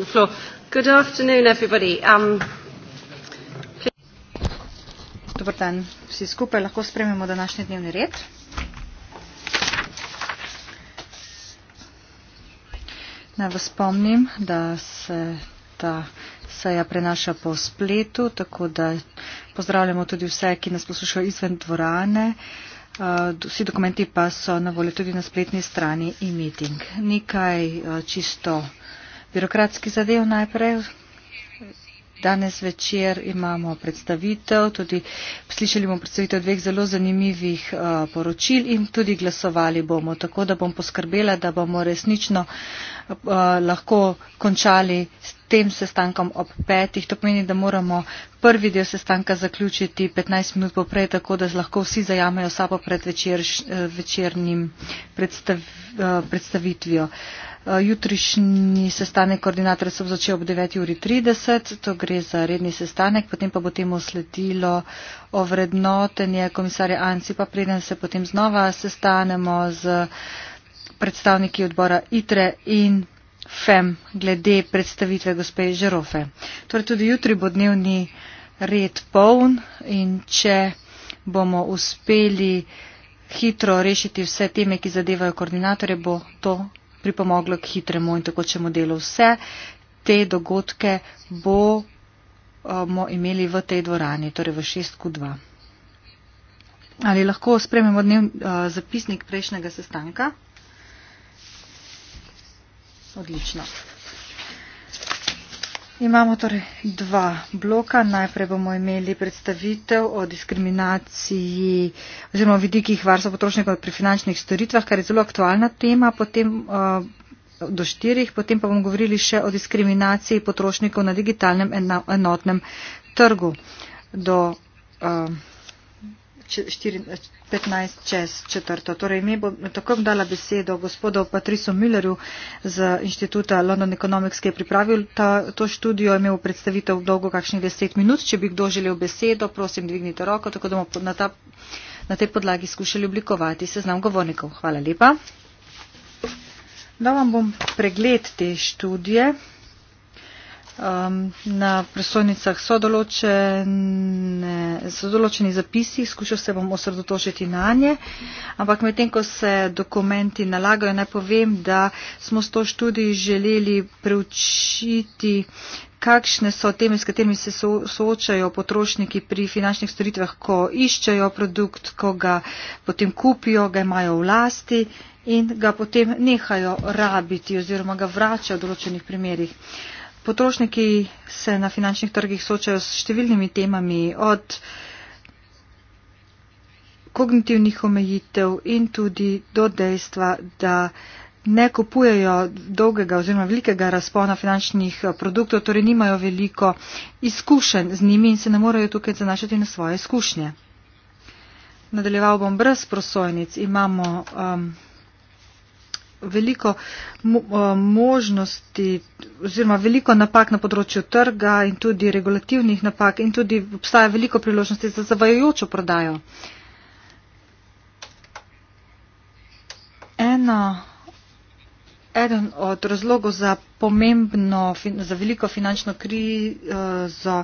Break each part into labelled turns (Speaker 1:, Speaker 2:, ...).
Speaker 1: the floor. Good afternoon, everybody. Um, Dobar dan, vsi skupaj lahko spremimo današnji dnevni red. Naj vas spomnim, da se ta seja prenaša po spletu, tako da pozdravljamo tudi vse, ki nas poslušajo izven dvorane. Uh, vsi dokumenti pa so na voljo tudi na spletni strani e-meeting. Nekaj uh, čisto birokratski zadev najprej. Danes večer imamo predstavitev, tudi slišali bomo predstavitev dveh zelo zanimivih uh, poročil in tudi glasovali bomo, tako da bom poskrbela, da bomo resnično uh, lahko končali s tem sestankom ob petih. To pomeni, da moramo prvi del sestanka zaključiti 15 minut poprej, tako da lahko vsi zajamejo sapo pred večer, eh, večernim predstav, uh, predstavitvijo. Uh, Eh, jutrišnji sestanek koordinatorjev se bo začel ob 9.30, to gre za redni sestanek, potem pa bo temu sledilo ovrednotenje komisarja Ancipa, preden se potem znova sestanemo z predstavniki odbora ITRE in FEM glede predstavitve gospe Žerofe. Torej tudi jutri bo dnevni red poln in če bomo uspeli hitro rešiti vse teme, ki zadevajo koordinatorje, bo to pripomoglo k hitremu in takočemu delu. Vse te dogodke bomo imeli v tej dvorani, torej v 6.2. Ali lahko sprememo dnev eh, zapisnik prejšnjega sestanka? Odlično. Imamo torej dva bloka. Najprej bomo imeli predstavitev o diskriminaciji oziroma vidikih varstva potrošnikov pri finančnih storitvah, kar je zelo aktualna tema. Potem, uh, do štirih, potem pa bomo govorili še o diskriminaciji potrošnikov na digitalnem enotnem trgu. Do 14. Uh, eh, 15 čez četrto. Torej, mi bom tako dala besedo gospodu Patrisu Millerju z inštituta London Economics, ki je pripravil ta, to študijo, imel predstavitev dolgo kakšnih 10 minut. Če bi kdo želel besedo, prosim, dvignite roko, tako da bomo na, ta, na tej podlagi skušali oblikovati seznam govornikov. Hvala lepa. Da vam bom pregled te študije. Um, na prestolnicah so, so določeni zapisi, skušal se bom osredotočiti na nje, ampak medtem, ko se dokumenti nalagajo, naj povem, da smo s to študijo želeli preučiti, kakšne so teme, s katerimi se so, soočajo potrošniki pri finančnih storitvah, ko iščejo produkt, ko ga potem kupijo, ga imajo v lasti in ga potem nehajo rabiti oziroma ga vračajo v določenih primerjih. Potrošniki se na finančnih trgih soočajo s številnimi temami, od kognitivnih omejitev in tudi do dejstva, da ne kupujejo dolgega oziroma velikega razpona finančnih eh, produktov, torej nimajo veliko izkušenj z njimi in se ne morejo tukaj zanašati na svoje izkušnje. Nadaljeval bom brez prosojnic. Imamo um, veliko eh, možnosti oziroma veliko napak na področju trga in tudi regulativnih napak in tudi obstaja veliko priložnosti za zavajajočo prodajo. Eno, eden od razlogov za pomembno, za veliko finančno krizo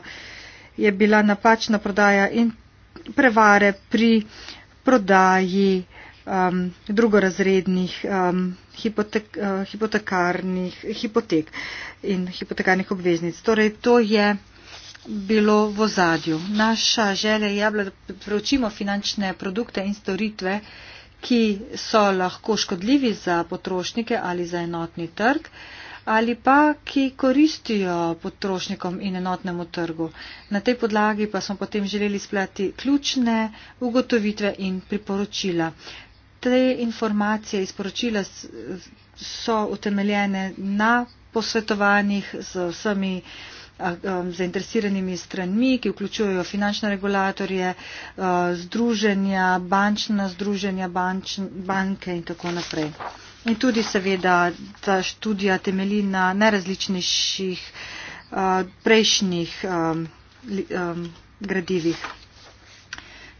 Speaker 1: je bila napačna prodaja in prevare pri prodaji um, drugorazrednih um, hipotek, uh, hipotekarnih hipotek in hipotekarnih obveznic. Torej, to je bilo v zadju. Naša želja je bila, da preučimo finančne produkte in storitve, ki so lahko škodljivi za potrošnike ali za enotni trg ali pa ki koristijo potrošnikom in enotnemu trgu. Na tej podlagi pa smo potem želeli splati ključne ugotovitve in priporočila te informacije iz poročila so utemeljene na posvetovanjih z vsemi zainteresiranimi stranmi, ki vključujejo finančne regulatorje, združenja, bančna združenja, banč, banke in tako naprej. In tudi seveda ta študija temelji na najrazličnejših prejšnjih gradivih.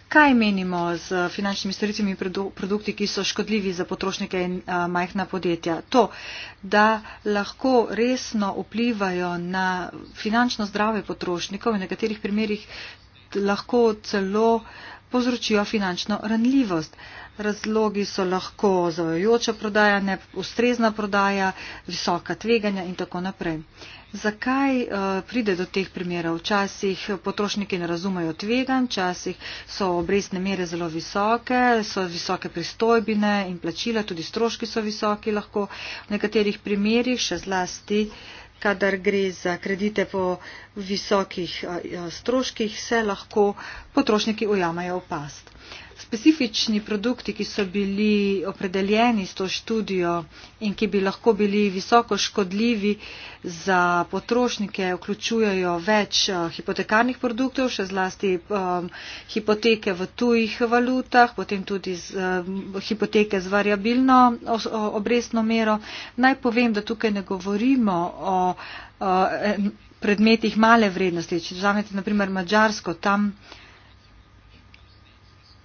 Speaker 1: Kaj menimo z finančnimi storitvami in produkti, ki so škodljivi za potrošnike in a, majhna podjetja? To, da lahko resno vplivajo na finančno zdrave potrošnikov in v nekaterih primerjih lahko celo povzročijo finančno ranljivost. Razlogi so lahko zavajajoča prodaja, neustrezna prodaja, visoka tveganja in tako naprej. Zakaj uh, pride do teh primerov? Včasih potrošniki ne razumejo tvegan, včasih so obrestne mere zelo visoke, so visoke pristojbine in plačila, tudi stroški so visoki lahko v nekaterih primerjih, še zlasti, kadar gre za kredite po visokih uh, stroških, se lahko potrošniki ujamajo v past. Uh, specifični produkti, ki so bili opredeljeni s to študijo in ki bi lahko bili visoko škodljivi za potrošnike, vključujejo več eh, hipotekarnih produktov, še zlasti um, hipoteke v tujih valutah, potem tudi z, um, hipoteke z variabilno obrestno mero. Naj povem, da tukaj ne govorimo o. o predmetih male vrednosti. Če vzamete naprimer Mačarsko, tam uh,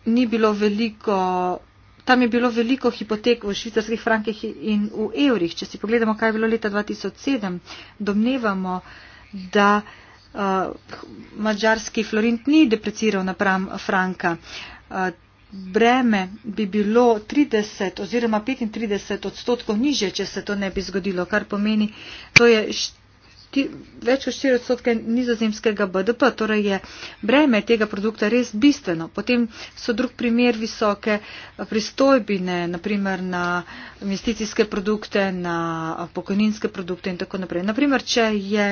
Speaker 1: ni bilo veliko, tam je bilo veliko hipotek v švicarskih frankih in v evrih. Če si pogledamo, kaj je bilo leta 2007, domnevamo, da uh, eh, mađarski florint ni depreciral napram franka. Uh, breme bi bilo 30 oziroma 35 odstotkov niže, če se to ne bi zgodilo, kar pomeni, to je št več kot 4 odstotke nizozemskega BDP, torej je breme tega produkta res bistveno. Potem so drug primer visoke pristojbine, naprimer na investicijske produkte, na pokojninske produkte in tako naprej. Naprimer, če je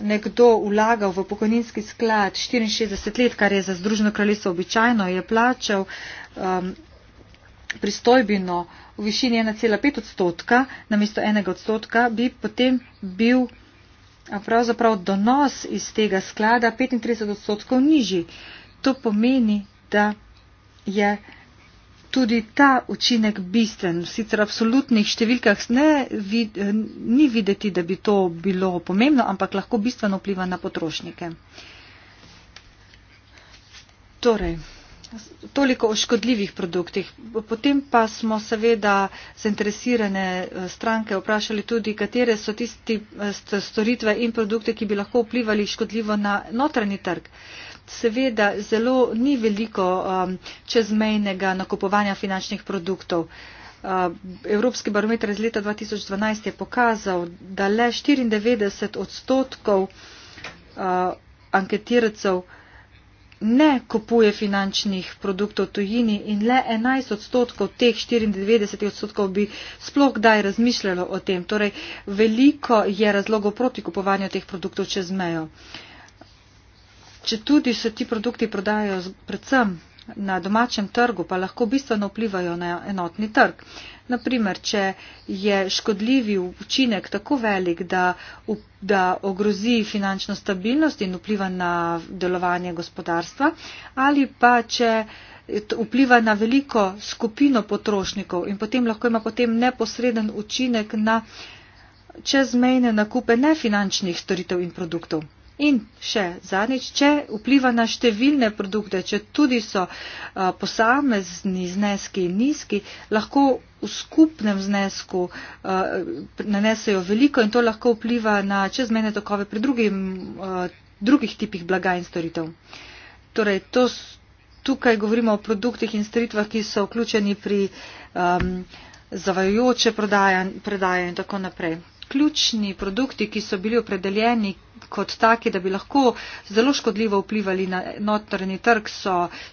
Speaker 1: nekdo vlagal v pokojninski sklad 64 let, kar je za Združeno kraljestvo običajno, je plačal um, pristojbino v višini 1,5 odstotka, namesto enega odstotka, bi potem bil pravzaprav donos iz tega sklada 35 odstotkov nižji. To pomeni, da je tudi ta učinek bistven. Sicer v absolutnih številkah ne, vid, ni videti, da bi to bilo pomembno, ampak lahko bistveno vpliva na potrošnike. Torej. Toliko o škodljivih produktih. Potem pa smo seveda zainteresirane eh, stranke vprašali tudi, katere so tisti eh, storitve in produkte, ki bi lahko vplivali škodljivo na notranji trg. Seveda zelo ni veliko um, čezmejnega nakupovanja finančnih produktov. Evropski barometer iz leta 2012 je pokazal, da le 94 odstotkov uh, anketircev ne kupuje finančnih produktov tujini in le 11 odstotkov teh 94 odstotkov bi sploh kdaj razmišljalo o tem. Torej, veliko je razlogov proti kupovanju teh produktov čez mejo. Če tudi se ti produkti prodajajo predvsem na domačem trgu pa lahko bistveno vplivajo na enotni trg. Naprimer, če je škodljivi učinek tako velik, da, da ogrozi finančno stabilnost in vpliva na delovanje gospodarstva, ali pa če vpliva na veliko skupino potrošnikov in potem lahko ima potem neposreden učinek na čezmejne nakupe nefinančnih storitev in produktov. In še zadnjič, če vpliva na številne produkte, če tudi so posamezni zneski nizki, lahko v skupnem znesku nanesejo veliko in to lahko vpliva na čezmene tokove pri drugim, drugih tipih blaga in storitev. Torej, to, tukaj govorimo o produktih in storitvah, ki so vključeni pri um, zavajajoče predaje in tako naprej ključni produkti, ki so bili opredeljeni kot taki, da bi lahko zelo škodljivo vplivali na notrni trg, so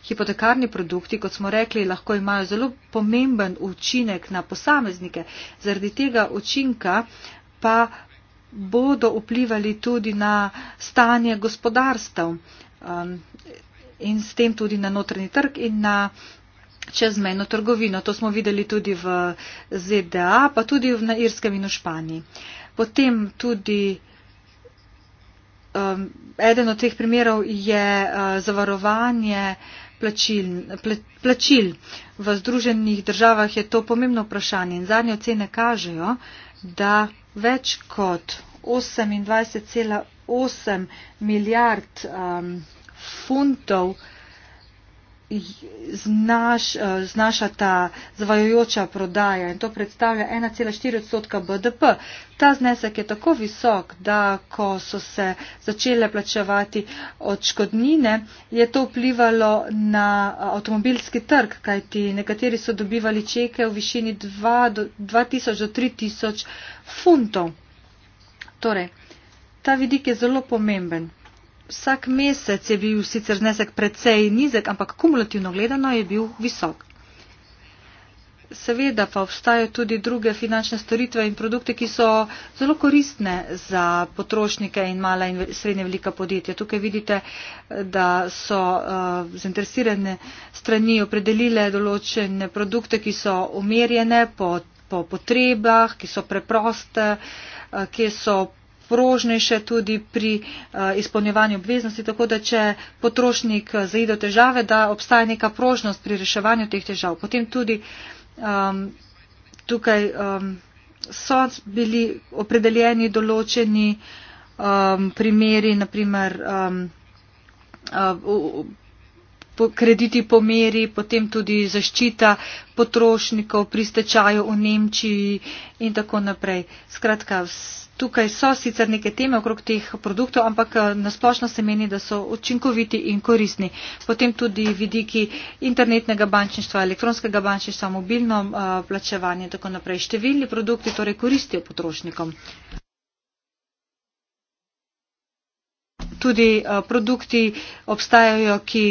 Speaker 1: hipotekarni produkti, kot smo rekli, lahko imajo zelo pomemben učinek na posameznike. Zaradi tega učinka pa bodo vplivali tudi na stanje gospodarstv um, in s tem tudi na notrni trg in na čezmejno trgovino. To smo videli tudi v ZDA, pa tudi na Irskem in v Španiji. Potem tudi um, eden od teh primerov je uh, zavarovanje plačil, pla, plačil. V Združenih državah je to pomembno vprašanje in zadnje ocene kažejo, da več kot 28,8 milijard um, funtov znaš, eh, znaša ta zavajojoča prodaja in to predstavlja 1,4 odstotka BDP. Ta znesek je tako visok, da ko so se začele plačevati odškodnine, je to vplivalo na eh, avtomobilski trg, kajti nekateri so dobivali čeke v višini 2000 do 3000 funtov. Torej, ta vidik je zelo pomemben. Vsak mesec je bil sicer znesek precej nizek, ampak kumulativno gledano je bil visok. Seveda pa obstajajo tudi druge finančne storitve in produkte, ki so zelo koristne za potrošnike in mala in srednje velika podjetja. Tukaj vidite, da so uh, zainteresirane strani opredelile določene produkte, ki so omerjene po, po potrebah, ki so preproste, uh, eh, ki so prožnejše tudi pri eh, izpolnjevanju obveznosti, tako da če potrošnik eh, zaide v težave, da obstaja neka prožnost pri reševanju teh težav. Potem tudi um, tukaj um, so bili opredeljeni določeni um, primeri, naprimer. Um, uh, eh, krediti po meri, potem tudi zaščita potrošnikov pri stečaju v Nemčiji in tako naprej. Skratka, tukaj so sicer neke teme okrog teh produktov, ampak eh, nasplošno se meni, da so učinkoviti in korisni. Potem tudi vidiki internetnega bančništva, elektronskega bančništva, mobilno eh, plačevanje in tako naprej. Številni produkti torej koristijo potrošnikom. Tudi eh, produkti obstajajo, ki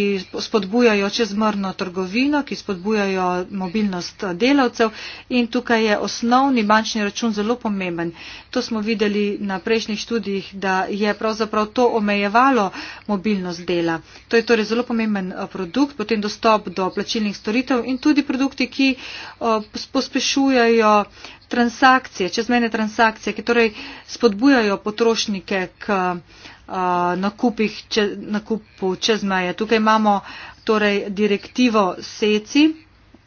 Speaker 1: spodbujajo čezmrno trgovino, ki spodbujajo mobilnost eh, delavcev in tukaj je osnovni bančni račun zelo pomemben. To smo videli na prejšnjih študijih, da je pravzaprav to omejevalo mobilnost dela. To je torej zelo pomemben eh, produkt, potem dostop do plačilnih storitev in tudi produkti, ki pospešujejo transakcije, čezmene transakcije, ki torej spodbujajo potrošnike k nakupih, če, nakupu čez meje. Tukaj imamo torej direktivo SECI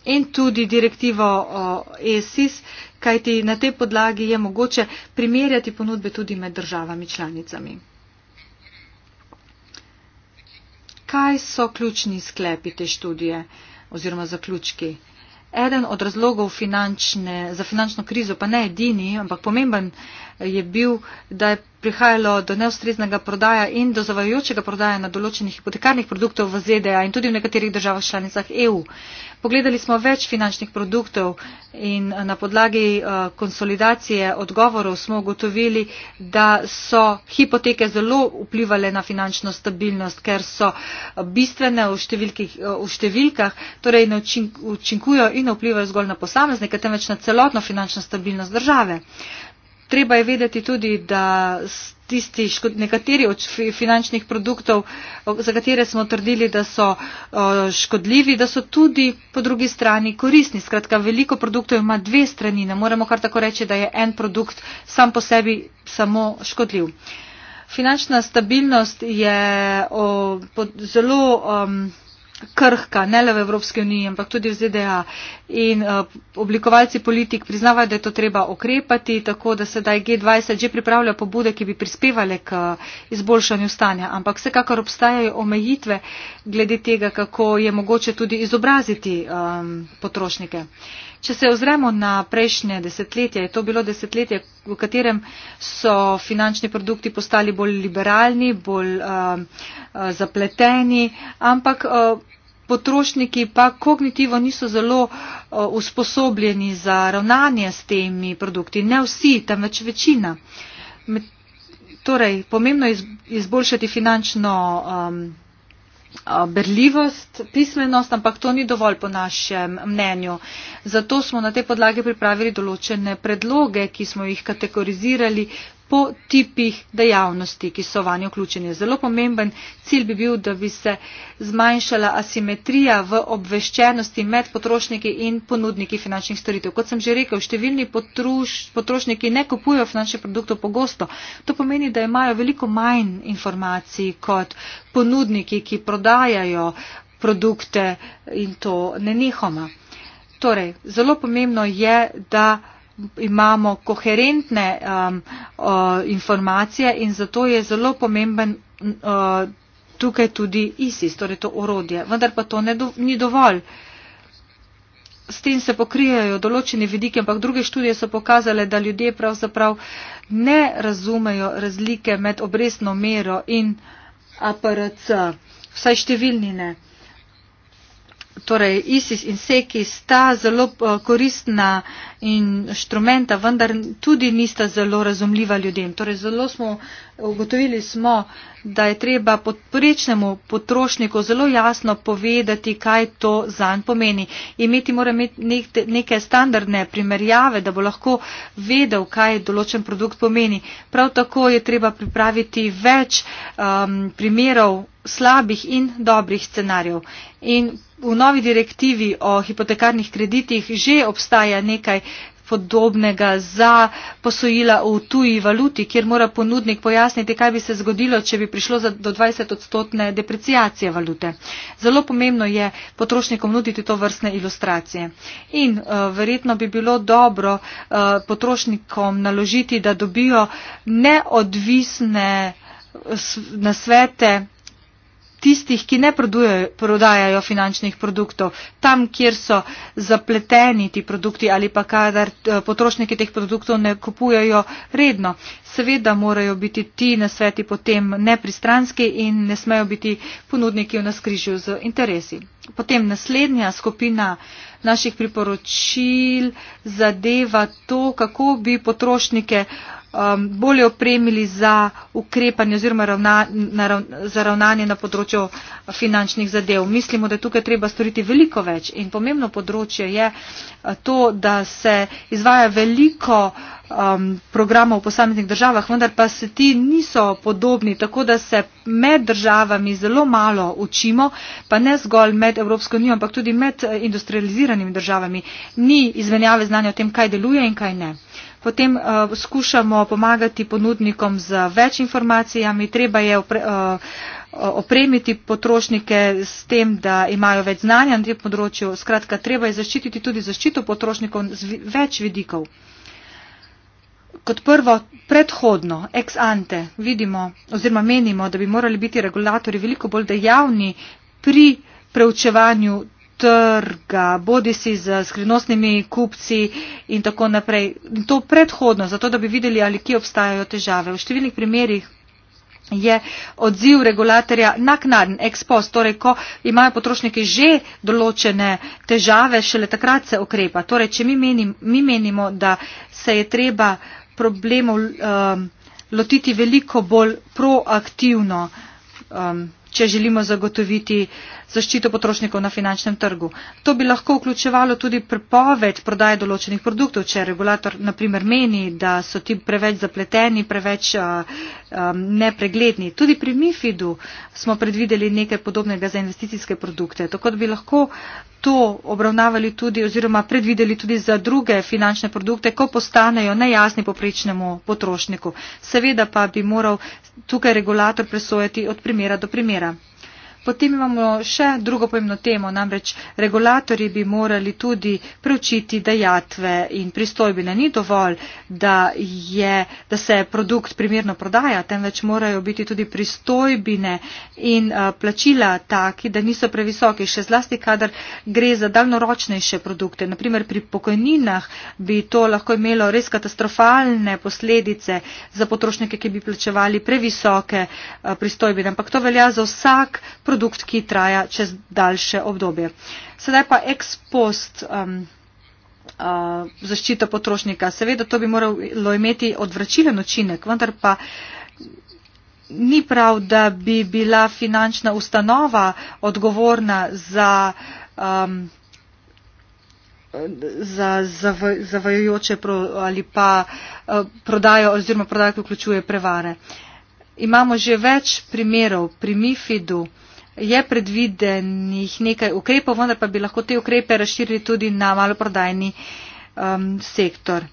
Speaker 1: in tudi direktivo ESIS, kajti na tej podlagi je mogoče primerjati ponudbe tudi med državami članicami. Kaj so ključni sklepi te študije oziroma zaključki? Eden od razlogov finančne, za finančno krizo, pa ne edini, ampak pomemben je bil, da je prihajalo do neustreznega prodaja in do zavajajočega prodaja na določenih hipotekarnih produktov v ZDA in tudi v nekaterih državah članicah EU. Pogledali smo več finančnih produktov in eh, na podlagi eh, konsolidacije odgovorov smo ugotovili, da so hipoteke zelo vplivale na finančno stabilnost, ker so eh, bistvene v, v številkah, torej ne učinkujo in ne vplivajo zgolj na posameznike, temveč na celotno finančno stabilnost države. Treba je vedeti tudi, da tisti nekateri od finančnih produktov, za katere smo trdili, da so škodljivi, da so tudi po drugi strani korisni. Skratka, veliko produktov ima dve strani. Ne moremo kar tako reči, da je en produkt sam po sebi samo škodljiv. Finančna stabilnost je o, pod zelo. Um, krhka, ne le v Evropski uniji, ampak tudi v ZDA. In uh, oblikovalci politik priznavajo, da je to treba okrepati, tako da sedaj G20 že pripravlja pobude, ki bi prispevale k eh, izboljšanju stanja. Ampak vsekakor obstajajo omejitve glede tega, kako je mogoče tudi izobraziti um, potrošnike. Uh, Če se ozremo na prejšnje desetletje, je to bilo desetletje, v katerem so finančni produkti postali bolj liberalni, bolj uh, zapleteni, ampak. Uh, Potrošniki pa kognitivno niso zelo uh, usposobljeni za ravnanje s temi produkti. Ne vsi, temveč večina. Med, torej, pomembno je izboljšati finančno um, berljivost, pismenost, ampak to ni dovolj po našem mnenju. Zato smo na te podlage pripravili določene predloge, ki smo jih kategorizirali po tipih dejavnosti, ki so vanjo vključene. Zelo pomemben cilj bi bil, da bi se zmanjšala asimetrija v obveščenosti med potrošniki in ponudniki finančnih storitev. Kot sem že rekel, številni potrošniki ne kupujejo finančnih produktov pogosto. To pomeni, da imajo veliko manj informacij kot ponudniki, ki prodajajo produkte in to nenehoma. Torej, zelo pomembno je, da imamo koherentne um, uh, informacije in zato je zelo pomemben uh, tukaj tudi ISIS, torej to orodje. Vendar pa to ne, ni dovolj. S tem se pokrijajo določene vidike, ampak druge študije so pokazale, da ljudje pravzaprav ne razumejo razlike med obresno mero in APRC. Vsaj številni ne torej ISIS in SEKI sta zelo eh, koristna inštrumenta, vendar tudi nista zelo razumljiva ljudem. Torej zelo smo uh, Ugotovili smo, da je treba podporečnemu potrošniku zelo jasno povedati, kaj to zanj pomeni. Imeti mora imeti neke standardne primerjave, da bo lahko vedel, kaj določen produkt pomeni. Prav tako je treba pripraviti več um, primerov slabih in dobrih scenarijev. In v novi direktivi o hipotekarnih kreditih že obstaja nekaj podobnega za posojila v tuji valuti, kjer mora ponudnik pojasniti, kaj bi se zgodilo, če bi prišlo do 20 odstotne deprecijacije valute. Zelo pomembno je potrošnikom nuditi to vrstne ilustracije. In uh, verjetno bi bilo dobro uh, potrošnikom naložiti, da dobijo neodvisne nasvete tistih, ki ne prodajajo finančnih produktov, tam, kjer so zapleteni ti produkti ali pa kadar eh, potrošniki teh produktov ne kupujajo redno. Seveda morajo biti ti nasveti potem nepristranski in ne smejo biti ponudniki v naskrižju z interesi. Potem naslednja skupina naših priporočil zadeva to, kako bi potrošnike um, bolje opremili za ukrepanje oziroma ravna, na, za ravnanje na področju finančnih zadev. Mislimo, da tukaj treba storiti veliko več in pomembno področje je uh, to, da se izvaja veliko uh, um, programa v posameznih državah, vendar pa se ti niso podobni, tako da se med državami zelo malo učimo, pa ne zgolj med Evropsko unijo, ampak tudi med eh, industrializiranimi državami. Ni izmenjave znanja o tem, kaj deluje in kaj ne. Potem uh, skušamo pomagati ponudnikom z več informacijami, treba je opre, uh, opremiti potrošnike s tem, da imajo več znanja na tem področju. Skratka, treba je zaščititi tudi zaščito potrošnikov z več vidikov kot prvo predhodno, ex ante, vidimo oziroma menimo, da bi morali biti regulatori veliko bolj dejavni pri preučevanju trga, bodi si z skrivnostnimi kupci in tako naprej. In to predhodno, zato da bi videli, ali kje obstajajo težave. V številnih primerjih je odziv regulatorja naknaden, ex post, torej ko imajo potrošniki že določene težave, šele takrat se okrepa. Torej, če mi menimo, mi menimo da se je treba uh, problemov um, lotiti veliko bolj proaktivno, um, če želimo zagotoviti uh, zaščito potrošnikov na finančnem trgu. To bi lahko vključevalo tudi prepoved prodaje določenih produktov, če regulator naprimer meni, da so ti preveč zapleteni, preveč uh, um, nepregledni. Tudi pri MIFID-u smo predvideli nekaj podobnega za investicijske produkte, tako da bi lahko to obravnavali tudi oziroma predvideli tudi za druge finančne produkte, ko postanejo nejasni poprečnemu potrošniku. Seveda pa bi moral tukaj regulator presojati od primera do primera. Potem imamo še drugo pomembno temo, namreč regulatori bi morali tudi preučiti dajatve in pristojbine. Ni dovolj, da, je, da se produkt primerno prodaja, temveč morajo biti tudi pristojbine in eh, plačila taki, da niso previsoki, še zlasti, kadar gre za daljnoročnejše produkte. Naprimer, pri pokojninah bi to lahko imelo res katastrofalne posledice za potrošnike, ki bi plačevali previsoke eh, pristojbine. Ampak to velja za vsak produkt, ki traja čez daljše obdobje. Sedaj pa ex post um, uh, zaščita potrošnika. Seveda to bi moralo imeti odvračilen učinek, vendar pa. Ni prav, da bi bila finančna ustanova odgovorna za, um, za zav, zavajajoče pro, ali pa uh, prodajo oziroma prodajo, ki vključuje prevare. Imamo že več primerov pri MIFID-u. Uh, je predvidenih nekaj ukrepov, vendar pa bi lahko te ukrepe razširili tudi na maloprodajni um, sektor.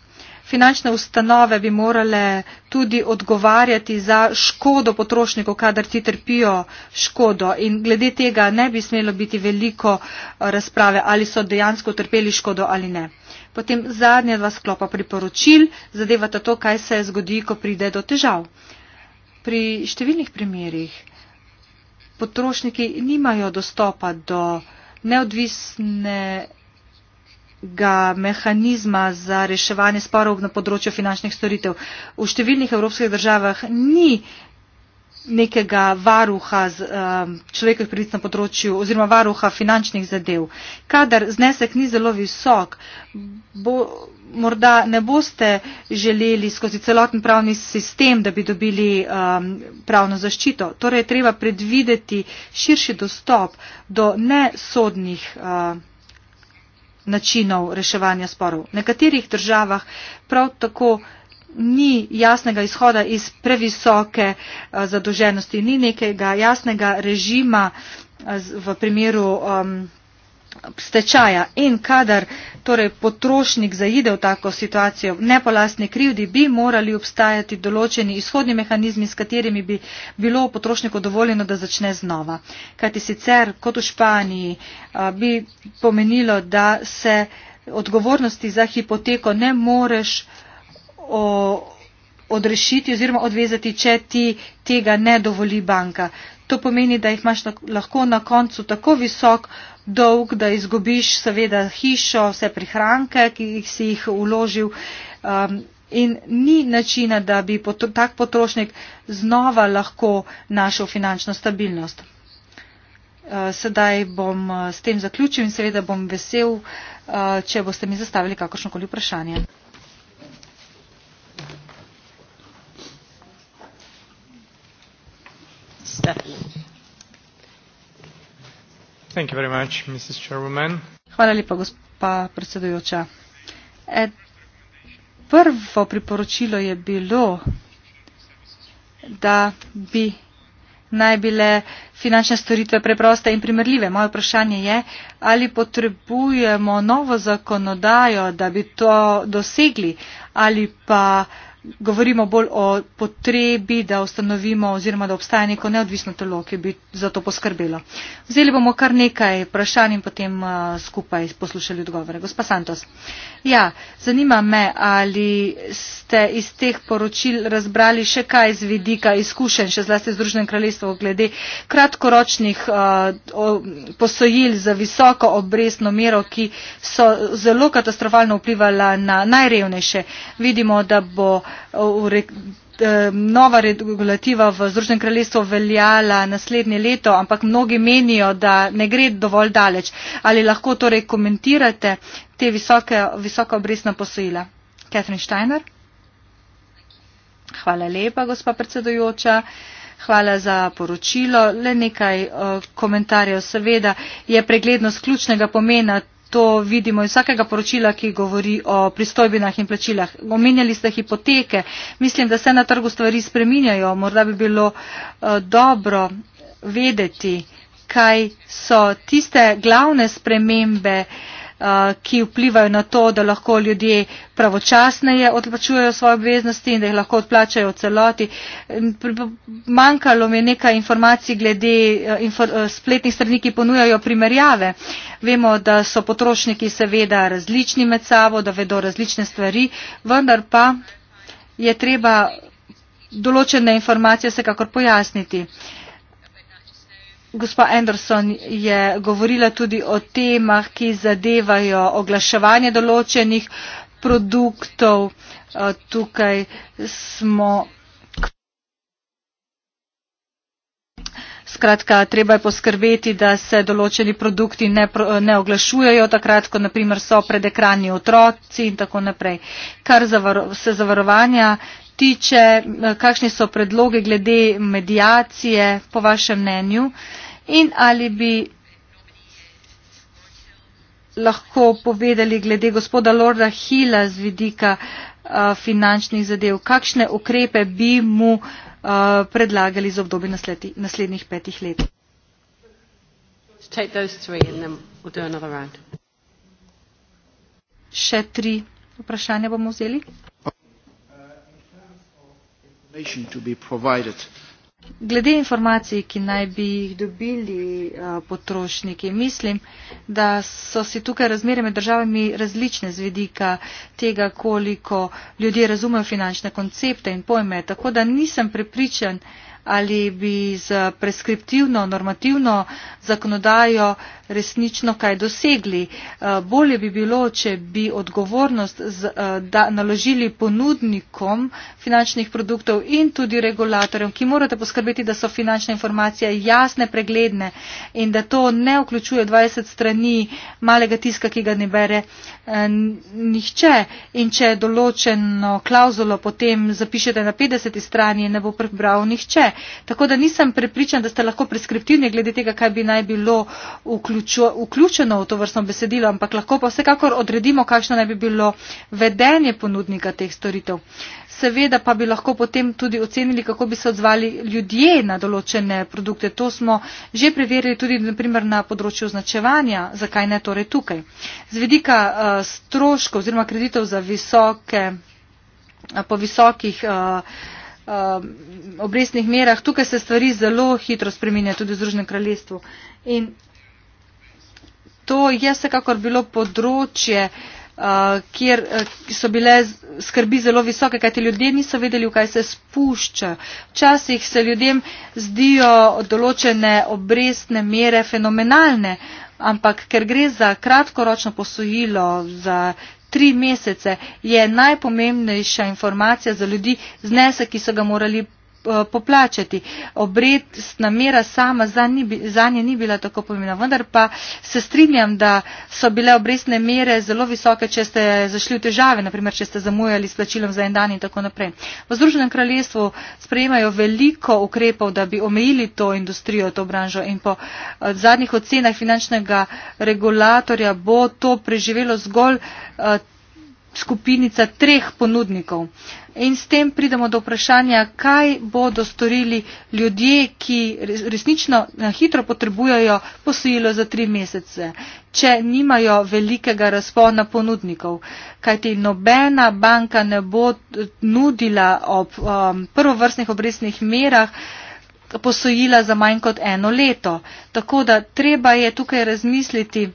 Speaker 1: Finančne ustanove bi morale tudi odgovarjati za škodo potrošnikov, kadar ti trpijo škodo. In glede tega ne bi smelo biti veliko uh, razprave, ali so dejansko trpeli škodo ali ne. Potem zadnja dva sklopa priporočil zadevata to, kaj se zgodi, ko pride do težav. Pri številnih primerjih potrošniki nimajo dostopa do neodvisnega mehanizma za reševanje sporov na področju finančnih storitev. V številnih evropskih državah ni nekega varuha um, človekovih pravic na področju oziroma varuha finančnih zadev. Kadar znesek ni zelo visok, bo, morda ne boste želeli skozi celoten pravni sistem, da bi dobili um, pravno zaščito. Torej, treba predvideti širši dostop do nesodnih uh, načinov reševanja sporov. V nekaterih državah prav tako ni jasnega izhoda iz previsoke uh, zadolženosti, ni nekega jasnega režima uh, v primeru. Um, stečaja in kadar torej potrošnik zaide v tako situacijo ne po lastni krivdi, bi morali obstajati določeni izhodni mehanizmi, s katerimi bi bilo potrošniku dovoljeno, da začne znova. Kajti sicer, kot v Španiji, bi pomenilo, da se odgovornosti za hipoteko ne moreš o odrešiti oziroma odvezati, če ti tega ne dovoli banka. To pomeni, da jih imaš lahko na koncu tako visok, dolg, da izgubiš seveda hišo, vse prihranke, ki jih si jih uložil. Um, in ni načina, da bi potro, tak potrošnik znova lahko našel finančno stabilnost. Uh, sedaj bom uh, s tem zaključil in seveda bom vesel, uh, če boste mi zastavili kakršnokoli vprašanje. Definitely.
Speaker 2: Thank you very much, Mrs.
Speaker 3: Chairwoman.
Speaker 1: Hvala lepa, gospa predsedujoča. Ed, prvo priporočilo je bilo, da bi naj bile finančne storitve preproste in primerljive. Moje vprašanje je, ali potrebujemo novo zakonodajo, da bi to dosegli, ali pa govorimo bolj o potrebi, da ustanovimo oziroma da obstaja neko neodvisno telo, ki bi za to poskrbelo. Vzeli bomo kar nekaj vprašanj in potem uh, skupaj poslušali odgovore. Gospa Santos, ja, zanima me, ali ste iz teh poročil razbrali še kaj z vidika izkušenj, še zlasti Združenem kraljestvu, glede kratkoročnih uh, posojil za visoko obrestno mero, ki so zelo katastrofalno vplivala na najrevnejše. Vidimo, da bo Eh, nova regulativa v Združenem kraljestvu veljala naslednje leto, ampak mnogi menijo, da ne gre dovolj daleč. Ali lahko torej komentirate te visoke, visoka obresna posojila? Katrin Steiner? Hvala lepa, gospa predsedujoča. Hvala za poročilo. Le nekaj uh, komentarjev. Seveda je preglednost ključnega pomena To vidimo iz vsakega poročila, ki govori o pristojbinah in plačilah. Omenjali ste hipoteke. Mislim, da se na trgu stvari spreminjajo. Morda bi bilo eh, dobro vedeti, kaj so tiste glavne spremembe, Eh, ki vplivajo na to, da lahko ljudje pravočasneje odplačujejo svoje obveznosti in da jih lahko odplačajo v celoti. Manjkalo mi je nekaj informacij glede eh, eh, spletnih strani, ki ponujajo primerjave. Vemo, da so potrošniki seveda različni med sabo, da vedo različne stvari, vendar pa je treba določene informacije vsekakor pojasniti. Uh, Gospa Anderson je govorila tudi o temah, ki zadevajo oglaševanje določenih produktov. Eh, tukaj smo. Skratka, treba je poskrbeti, da se določeni produkti ne, ne oglašujejo, takrat, ko naprimer so pred ekrani otroci in tako naprej. Kar zavar, se zavarovanja tiče, eh, kakšni so predloge glede medijacije, po vašem mnenju? Uh, In ali bi lahko povedali glede gospoda Lorda Hila z vidika uh, finančnih zadev, kakšne ukrepe bi mu uh, predlagali za obdobje nasledi, naslednjih petih let? Še tri vprašanja bomo vzeli. Uh, Glede informacij, ki naj bi jih dobili potrošniki, mislim, da so si tukaj razmere med državami različne z vedika tega, koliko ljudje razumejo finančne koncepte in pojme. Tako da nisem prepričan, ali bi z preskriptivno, normativno zakonodajo resnično kaj dosegli. Eh, bolje bi bilo, če bi odgovornost z, eh, da, naložili ponudnikom finančnih produktov in tudi regulatorjem, ki morate poskrbeti, da so finančne informacije jasne, pregledne in da to ne vključuje 20 strani malega tiska, ki ga ne bere eh, nihče. In če določeno klauzulo potem zapišete na 50 strani, ne bo prebral nihče. Tako da nisem prepričan, da ste lahko preskriptivni glede tega, kaj bi naj bilo vključo, vključeno v to vrstno besedilo, ampak lahko pa vsekakor odredimo, kakšno naj bi bilo vedenje ponudnika teh storitev. Seveda pa bi lahko potem tudi ocenili, kako bi se odzvali ljudje na določene produkte. To smo že preverili tudi naprimer, na področju označevanja, zakaj ne torej tukaj. Z vedika uh, eh, stroškov oziroma kreditov za visoke, uh, po visokih. Uh, Um, obrestnih merah. Tukaj se stvari zelo hitro spreminja tudi v Združenem kraljestvu. In to je vsekakor bilo področje, uh, kjer uh, so bile skrbi zelo visoke, kajti ljudje niso vedeli, v kaj se spušča. Včasih se ljudem zdijo določene obrestne mere fenomenalne, ampak ker gre za kratkoročno posojilo, za tri mesece je najpomembnejša informacija za ljudi znesek ki so ga morali Eh, poplačati. Obrestna mera sama za nje ni bila tako pomembna, vendar pa se strinjam, da so bile obrestne mere zelo visoke, če ste zašli v težave, naprimer, če ste zamujali s plačilom za en dan in tako naprej. V Združenem kraljestvu sprejemajo veliko ukrepov, da bi omejili to industrijo, to branžo in po eh, zadnjih ocenah finančnega regulatorja bo to preživelo zgolj eh, skupinica treh ponudnikov. In s tem pridemo do vprašanja, kaj bodo storili ljudje, ki resnično eh, hitro potrebujejo posojilo za tri mesece, če nimajo velikega razpona ponudnikov. Kajti nobena banka ne bo eh, nudila ob um, prvovrstnih obresnih merah posojila za manj kot eno leto. Tako da treba je tukaj razmisliti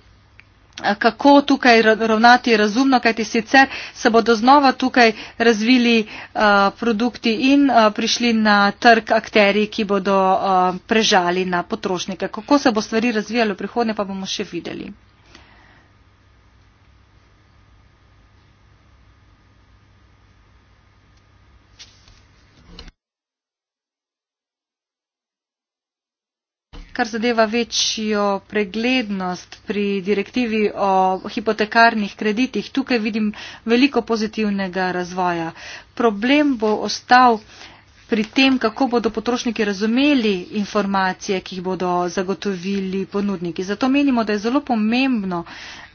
Speaker 1: kako tukaj ravnati razumno, kajti sicer se bodo znova tukaj razvili produkti in prišli na trg akteri, ki bodo prežali na potrošnike. Kako se bo stvari razvijalo v prihodnje, pa bomo še videli. kar zadeva večjo preglednost pri direktivi o hipotekarnih kreditih. Tukaj vidim veliko pozitivnega razvoja. Problem bo ostal pri tem, kako bodo potrošniki razumeli informacije, ki jih bodo zagotovili ponudniki. Zato menimo, da je zelo pomembno,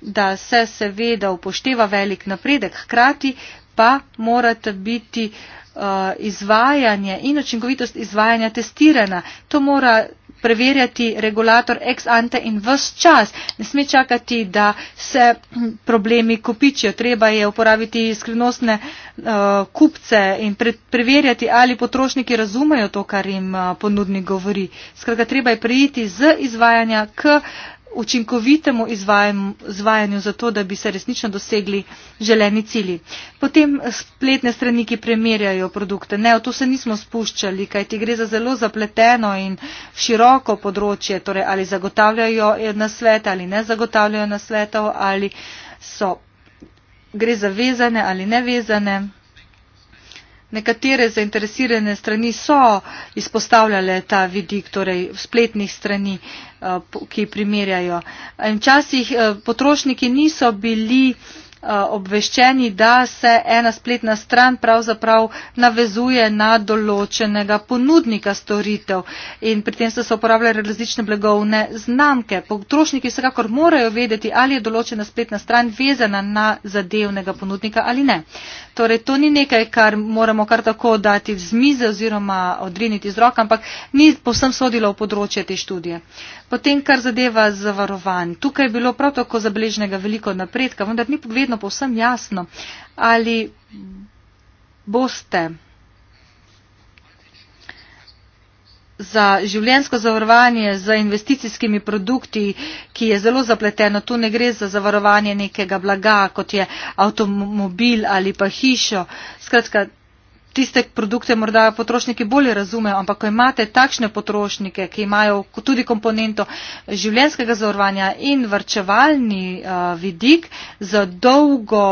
Speaker 1: da se seveda upošteva velik napredek, hkrati pa morata biti uh, izvajanje in učinkovitost izvajanja testirana. To mora preverjati regulator ex ante in vse čas. Ne sme čakati, da se hm, problemi kopičijo. Treba je uporabiti skrivnostne uh, kupce in pre preverjati, ali potrošniki razumejo to, kar jim uh, ponudnik govori. Skratka, treba je prijeti z izvajanja k uh, učinkovitemu izvajanju za to, da bi se resnično dosegli želeni cilji. Potem spletne strani, ki premerjajo produkte. Ne, o to se nismo spuščali, kaj ti gre za zelo zapleteno in široko področje, torej ali zagotavljajo na svete ali ne zagotavljajo na svetov, ali so, gre za vezane ali nevezane. Nekatere zainteresirane strani so izpostavljale ta vidik, torej spletnih strani, eh, ki primerjajo. Včasih eh, potrošniki niso bili eh, obveščeni, da se ena spletna stran pravzaprav navezuje na določenega ponudnika storitev in pri tem so se uporabljale različne blagovne znamke. Potrošniki vsekakor morajo vedeti, ali je določena spletna stran vezana na zadevnega ponudnika ali ne. Torej, to ni nekaj, kar moramo kar tako dati z mize oziroma odriniti z rok, ampak ni povsem sodilo v področje te študije. Potem, kar zadeva zavarovanj. Tukaj je bilo prav tako zabeleženega veliko napredka, vendar ni vedno povsem jasno, ali boste za življensko zavarovanje z investicijskimi produkti, ki je zelo zapleteno. Tu ne gre za zavarovanje nekega blaga, kot je avtomobil ali pa hišo. Skratka, tiste produkte morda potrošniki bolje razumejo, ampak ko imate takšne potrošnike, ki imajo tudi komponento življenskega zavarovanja in vrčevalni uh, eh, vidik z, dolgo,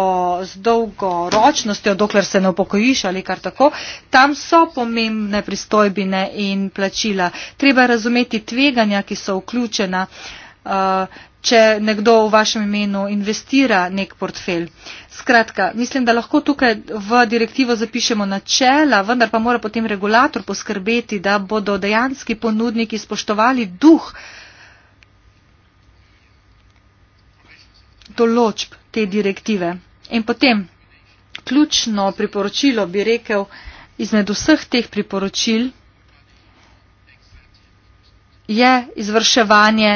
Speaker 1: z dolgoročnostjo, dokler se ne upokojiš ali kar tako, tam so pomembne pristojbine in plačila. Treba razumeti tveganja, ki so vključena. Uh, če nekdo v vašem imenu investira nek portfelj. Skratka, mislim, da lahko tukaj v direktivo zapišemo načela, vendar pa mora potem regulator poskrbeti, da bodo dejanski ponudniki spoštovali duh določb te direktive. In potem ključno priporočilo bi rekel izmed vseh teh priporočil je izvrševanje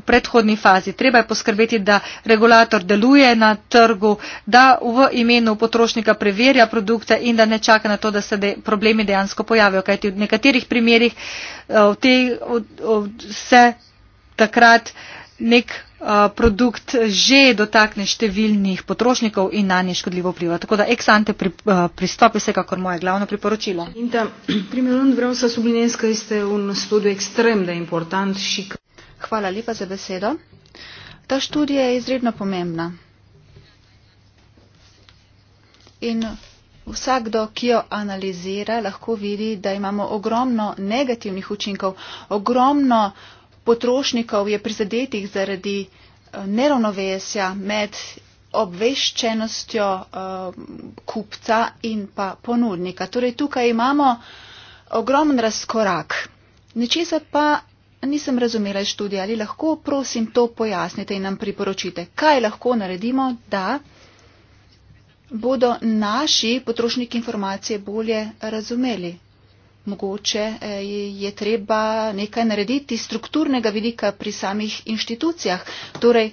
Speaker 1: v predhodni fazi. Treba je poskrbeti, da regulator deluje na trgu, da v imenu potrošnika preverja produkte in da ne čaka na to, da se de problemi dejansko pojavijo. Kajti v nekaterih primerjih eh, se takrat nek eh, produkt že dotakne številnih potrošnikov in na nje škodljivo vpliva. Tako da ex ante pri, eh, pristopi se, kakor moje glavno priporočilo.
Speaker 2: In ta primer, vrem, so bili nekaj, ste v nasprotju ekstremno importantni. Hvala lepa za besedo. Ta študija je izredno pomembna. In vsakdo, ki jo analizira, lahko vidi, da imamo ogromno negativnih učinkov, ogromno potrošnikov je prizadetih zaradi eh, neravnovesja med obveščenostjo uh, kupca in pa ponudnika. Torej tukaj imamo ogromen razkorak. Nečesa pa nisem razumela študija. Ali lahko, prosim, to pojasnite in nam priporočite, kaj lahko naredimo, da bodo naši potrošniki informacije bolje razumeli. Mogoče eh, je treba nekaj narediti strukturnega vidika pri samih inštitucijah. Torej,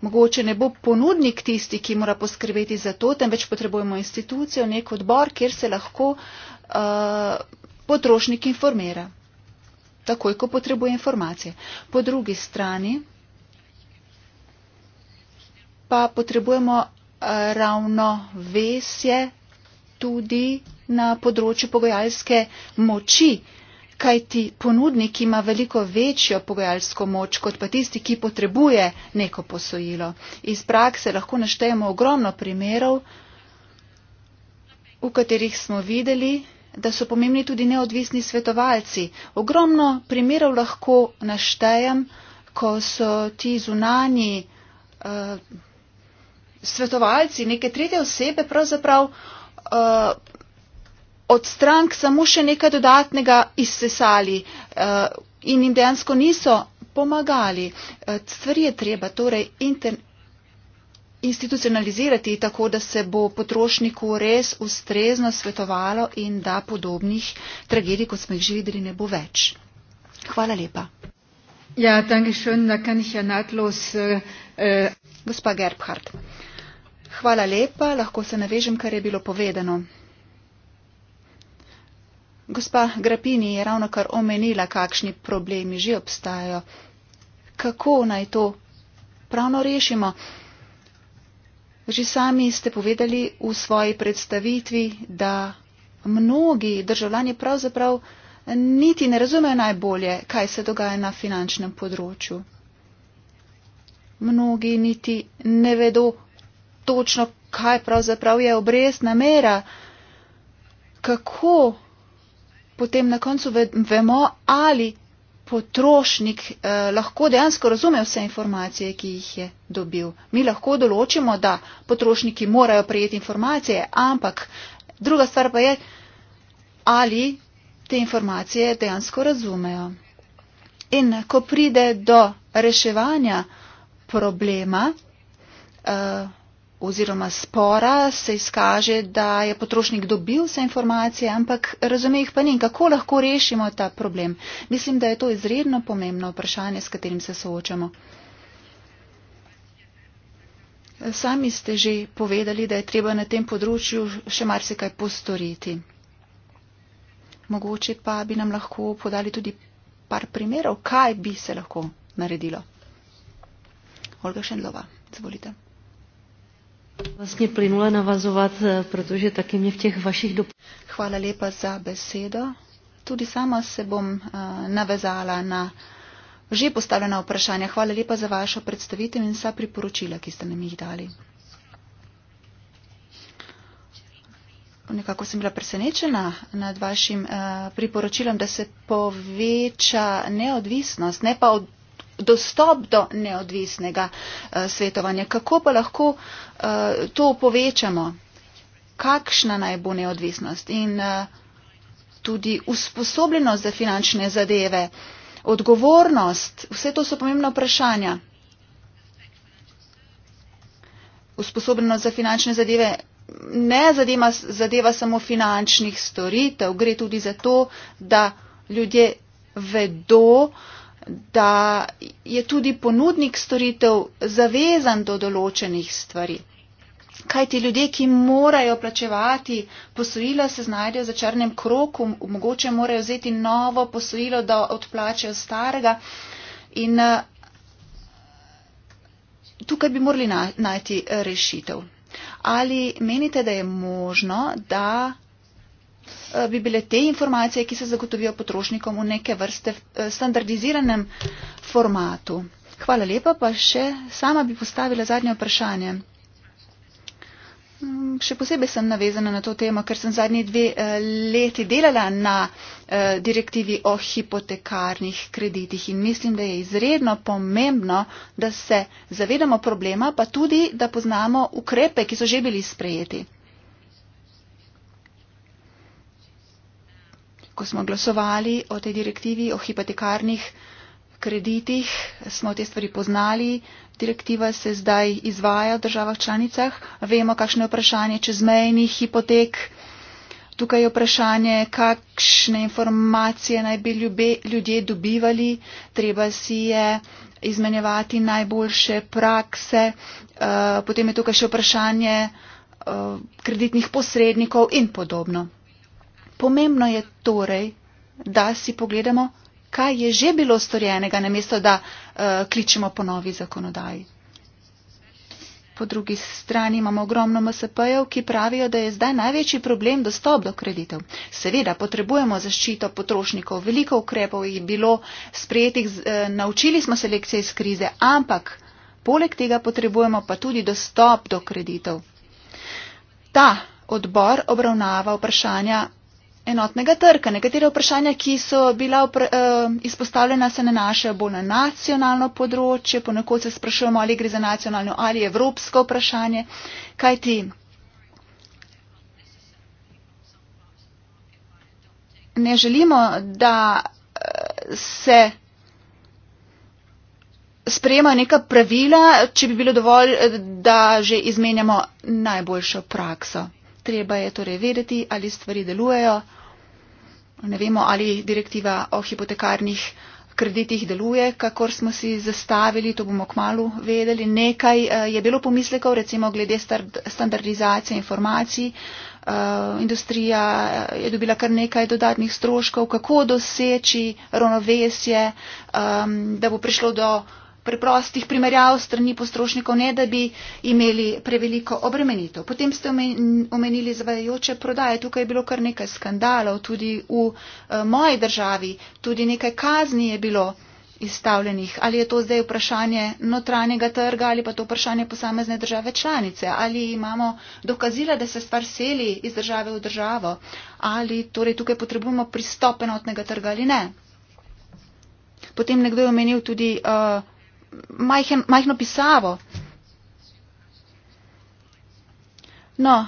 Speaker 2: mogoče ne bo ponudnik tisti, ki mora poskrbeti za to, temveč potrebujemo institucijo, nek odbor, kjer se lahko uh, potrošnik informira takoj, ko potrebuje informacije. Po drugi strani pa potrebujemo eh, ravnovesje tudi na področju pogojalske moči, kajti ponudnik ima veliko večjo pogojalsko moč kot pa tisti, ki potrebuje neko posojilo. Iz prakse lahko naštejemo ogromno primerov, v katerih smo videli, da so pomembni tudi neodvisni svetovalci. Ogromno primerov lahko naštejem, ko so ti zunani uh, eh, svetovalci neke tretje osebe pravzaprav uh, od strank samo še nekaj dodatnega izsesali uh, in jim dejansko niso pomagali. Uh, stvari je treba torej inter, institucionalizirati tako, da se bo potrošniku res ustrezno svetovalo in da podobnih tragedij, kot smo jih že videli, ne bo več. Hvala lepa. Ja, dankeschön, da kann ich ja nahtlos. Äh, äh, Gospa Gerbhardt. Hvala lepa, lahko se navežem, kar je bilo povedano. Gospa Grapini je ravno kar omenila, kakšni problemi že obstajajo. Kako naj to pravno rešimo? Že sami ste povedali v svoji predstavitvi, da mnogi državljani pravzaprav niti ne razumejo najbolje, kaj se dogaja na finančnem področju. Mnogi niti ne vedo točno, kaj pravzaprav je obrestna mera, kako potem na koncu vemo, ali potrošnik eh, lahko dejansko razume vse informacije, ki jih je dobil. Mi lahko določimo, da potrošniki morajo prejeti informacije, ampak druga stvar pa je, ali te informacije dejansko razumejo. In ko pride do reševanja problema, eh, oziroma spora se izkaže, da je potrošnik dobil vse informacije, ampak razume jih pa ni in kako lahko rešimo ta problem. Mislim, da je to izredno pomembno vprašanje, s katerim se soočamo. Sami ste že povedali, da je treba na tem področju še marsikaj postoriti. Mogoče pa bi nam lahko podali tudi par primerov, kaj bi se lahko naredilo. Olga Šendlova, izvolite
Speaker 1: vlastně plynule navazovat, eh, protože taky mě v
Speaker 2: těch vašich dop... Hvala lepa za besedo. Tudi sama se bom eh, navezala na že postavljena vprašanja. Hvala lepa za vašo predstavitev in vsa priporočila, ki ste nam jih dali. Nekako sem bila presenečena nad vašim uh, priporočilom, da se poveča neodvisnost, ne pa od, dostop do neodvisnega eh, svetovanja. Kako pa lahko eh, to povečamo? Kakšna naj bo neodvisnost in eh, tudi usposobljenost za finančne zadeve, odgovornost, vse to so pomembna vprašanja. Usposobljenost za finančne zadeve ne zadeva, zadeva samo finančnih storitev, gre tudi za to, da ljudje vedo, uh, da je tudi ponudnik storitev zavezan do določenih stvari. Kaj ti ljudje, ki morajo plačevati posojila, se znajdejo za črnem kroku, mogoče morajo vzeti novo posojilo, da odplačajo starega. In eh, tukaj bi morali na, najti rešitev. Ali menite, da je možno, da Eh, bi bile te informacije, ki se zagotovijo potrošnikom v neke vrste eh, standardiziranem formatu. Hvala lepa, pa še sama bi postavila zadnje vprašanje. Mm, še posebej sem navezana na to temo, ker sem zadnji dve eh, leti delala na direktivi o hipotekarnih kreditih in mislim, da je izredno pomembno, da se zavedamo problema, pa tudi, da poznamo ukrepe, ki so že bili sprejeti. ko smo glasovali o tej direktivi o hipotekarnih kreditih, smo te stvari poznali. Direktiva se zdaj izvaja v državah članicah. Vemo, kakšno je vprašanje čezmejnih hipotek. Tukaj je vprašanje, kakšne informacije naj bi ljube, ljudje dobivali. Treba si je izmenjevati najboljše prakse. Uh, potem je tukaj še vprašanje uh, kreditnih posrednikov in podobno. Pomembno je torej, da si pogledamo, kaj je že bilo storjenega, namesto da uh, kličemo po novi zakonodaji. Po drugi strani imamo ogromno MSP-jev, ki pravijo, da je zdaj največji problem dostop do kreditev. Seveda potrebujemo zaščito potrošnikov, veliko ukrepov je bilo sprejetih, eh, naučili smo se lekcije iz krize, ampak poleg tega potrebujemo pa tudi dostop do kreditev. Ta odbor obravnava vprašanja enotnega trga. Nekatere vprašanja, ki so bila upra, uh, izpostavljena, se nanašajo bolj na nacionalno področje, ponekod se sprašujemo, ali gre za nacionalno ali evropsko vprašanje. Kajti, ne želimo, da eh, se sprejema neka pravila, če bi bilo dovolj, eh, da že izmenjamo najboljšo prakso treba je torej vedeti, ali stvari delujejo. Ne vemo, ali direktiva o hipotekarnih kreditih deluje, kakor smo si zastavili, to bomo kmalo vedeli. Nekaj eh, je bilo pomislekov, recimo glede standardizacije informacij. Eh, industrija eh, je dobila kar nekaj dodatnih stroškov, kako doseči ravnovesje, da bo prišlo do preprostih primerjav strani potrošnikov, ne da bi imeli preveliko obremenitev. Potem ste omenili zavajajoče prodaje. Tukaj je bilo kar nekaj skandalov, tudi v eh, moji državi, tudi nekaj kazni je bilo izstavljenih. Ali je to zdaj vprašanje notranjega trga ali pa to vprašanje posamezne države članice? Ali imamo dokazila, da se stvar seli iz države v državo? Ali torej tukaj potrebujemo pristop enotnega trga ali ne? Potem nekdo je omenil tudi uh, majhen, majhno pisavo. No,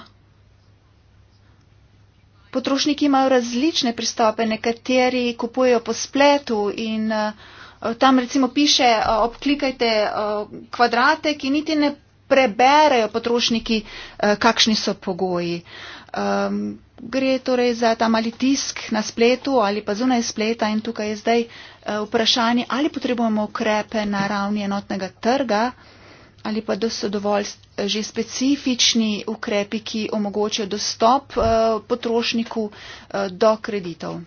Speaker 2: potrošniki imajo različne pristope, nekateri kupujejo po spletu in uh, tam recimo piše, uh, obklikajte uh, kvadrate, ki niti ne preberejo potrošniki, uh, kakšni so pogoji. Um, gre torej za ta mali tisk na spletu ali pa zunaj spleta in tukaj je zdaj eh, vprašanje, ali potrebujemo ukrepe na ravni enotnega trga ali pa da so dovolj eh, že specifični ukrepi, ki omogočajo dostop eh, potrošniku do kreditov.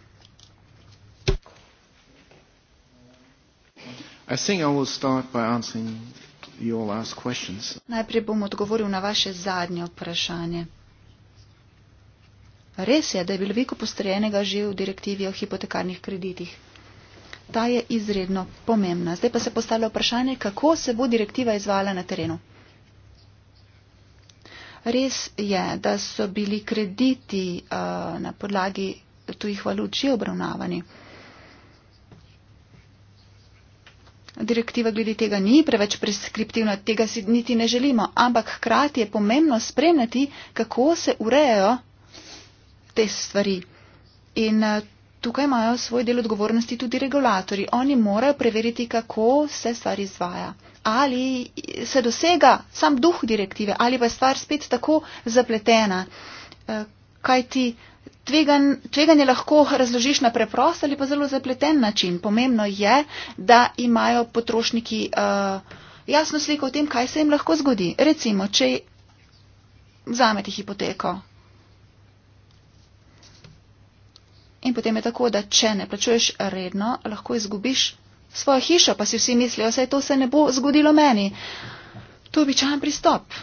Speaker 2: Najprej bom odgovoril na vaše zadnje vprašanje. Res je, da je bilo veliko postrojenega že v direktivi o hipotekarnih kreditih. Ta je izredno pomembna. Zdaj pa se postavlja vprašanje, kako se bo direktiva izvala na terenu. Res je, da so bili krediti uh, na podlagi tujih valut že obravnavani. Direktiva glede tega ni preveč preskriptivna, tega si niti ne želimo, ampak hkrati je pomembno spremljati, kako se urejajo te stvari. In eh, tukaj imajo svoj del odgovornosti tudi regulatori. Oni morajo preveriti, kako se stvar izvaja. Ali se dosega sam duh direktive, ali pa je stvar spet tako zapletena. Eh, kaj ti tvegan, tveganje lahko razložiš na preprost ali pa zelo zapleten način. Pomembno je, da imajo potrošniki eh, jasno sliko o tem, kaj se jim lahko zgodi. Recimo, če vzamete hipoteko. in potem je tako, da če ne plačuješ redno, lahko izgubiš svojo hišo, pa si vsi mislijo, da se to se ne bo zgodilo meni. To je običajen pristop.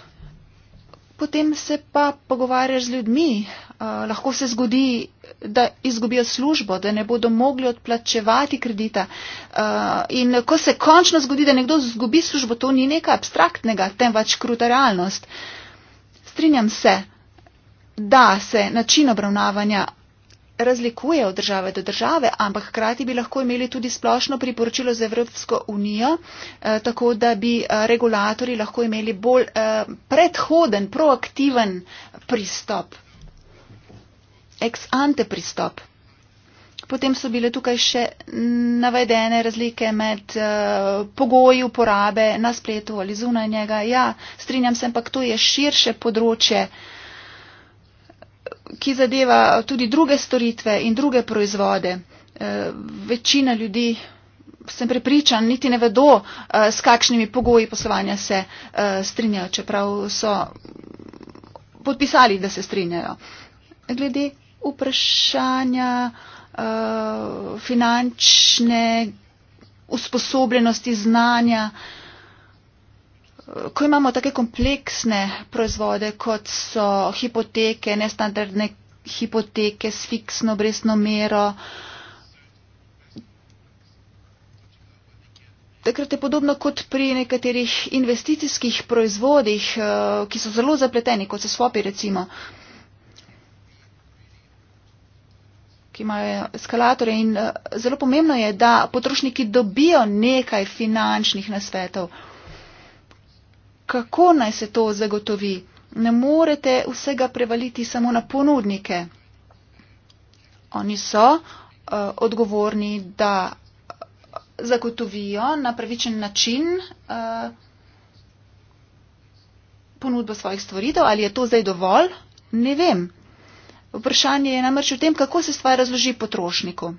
Speaker 2: Potem se pa pogovarjaš z ljudmi, uh, lahko se zgodi, da izgubijo službo, da ne bodo mogli odplačevati kredita. Uh, in ko se končno zgodi, da nekdo zgubi službo, to ni nekaj abstraktnega, temveč kruta realnost. Strinjam se, da se način obravnavanja razlikuje od države do države, ampak hkrati bi lahko imeli tudi splošno priporočilo za Evropsko unijo, eh, tako da bi eh, regulatori lahko imeli bolj eh, predhoden, proaktiven pristop, ex ante pristop. Potem so bile tukaj še navedene razlike med uh, pogoji uporabe na spletu ali zunaj njega. Ja, strinjam se, ampak to je širše področje uh, ki zadeva tudi druge storitve in druge proizvode. Eh, večina ljudi, sem prepričan, niti ne vedo, eh, s kakšnimi pogoji poslovanja se eh, strinjajo, čeprav so podpisali, da se strinjajo. Glede vprašanja finančne usposobljenosti, znanja, Ko imamo tako kompleksne proizvode, kot so hipoteke, nestandardne hipoteke s fiksno brezno mero, takrat je podobno kot pri nekaterih investicijskih proizvodih, eh, ki so zelo zapleteni, kot so swapi recimo, ki imajo eskalatorje in eh, zelo pomembno je, da potrošniki dobijo nekaj finančnih nasvetov kako naj se to zagotovi. Ne morete vsega prevaliti samo na ponudnike. Oni so uh, odgovorni, da eh, zagotovijo na pravičen način uh, ponudbo svojih stvaritev. Ali je to zdaj dovolj? Ne vem. Vprašanje je namreč v tem, kako se stvar razloži potrošniku.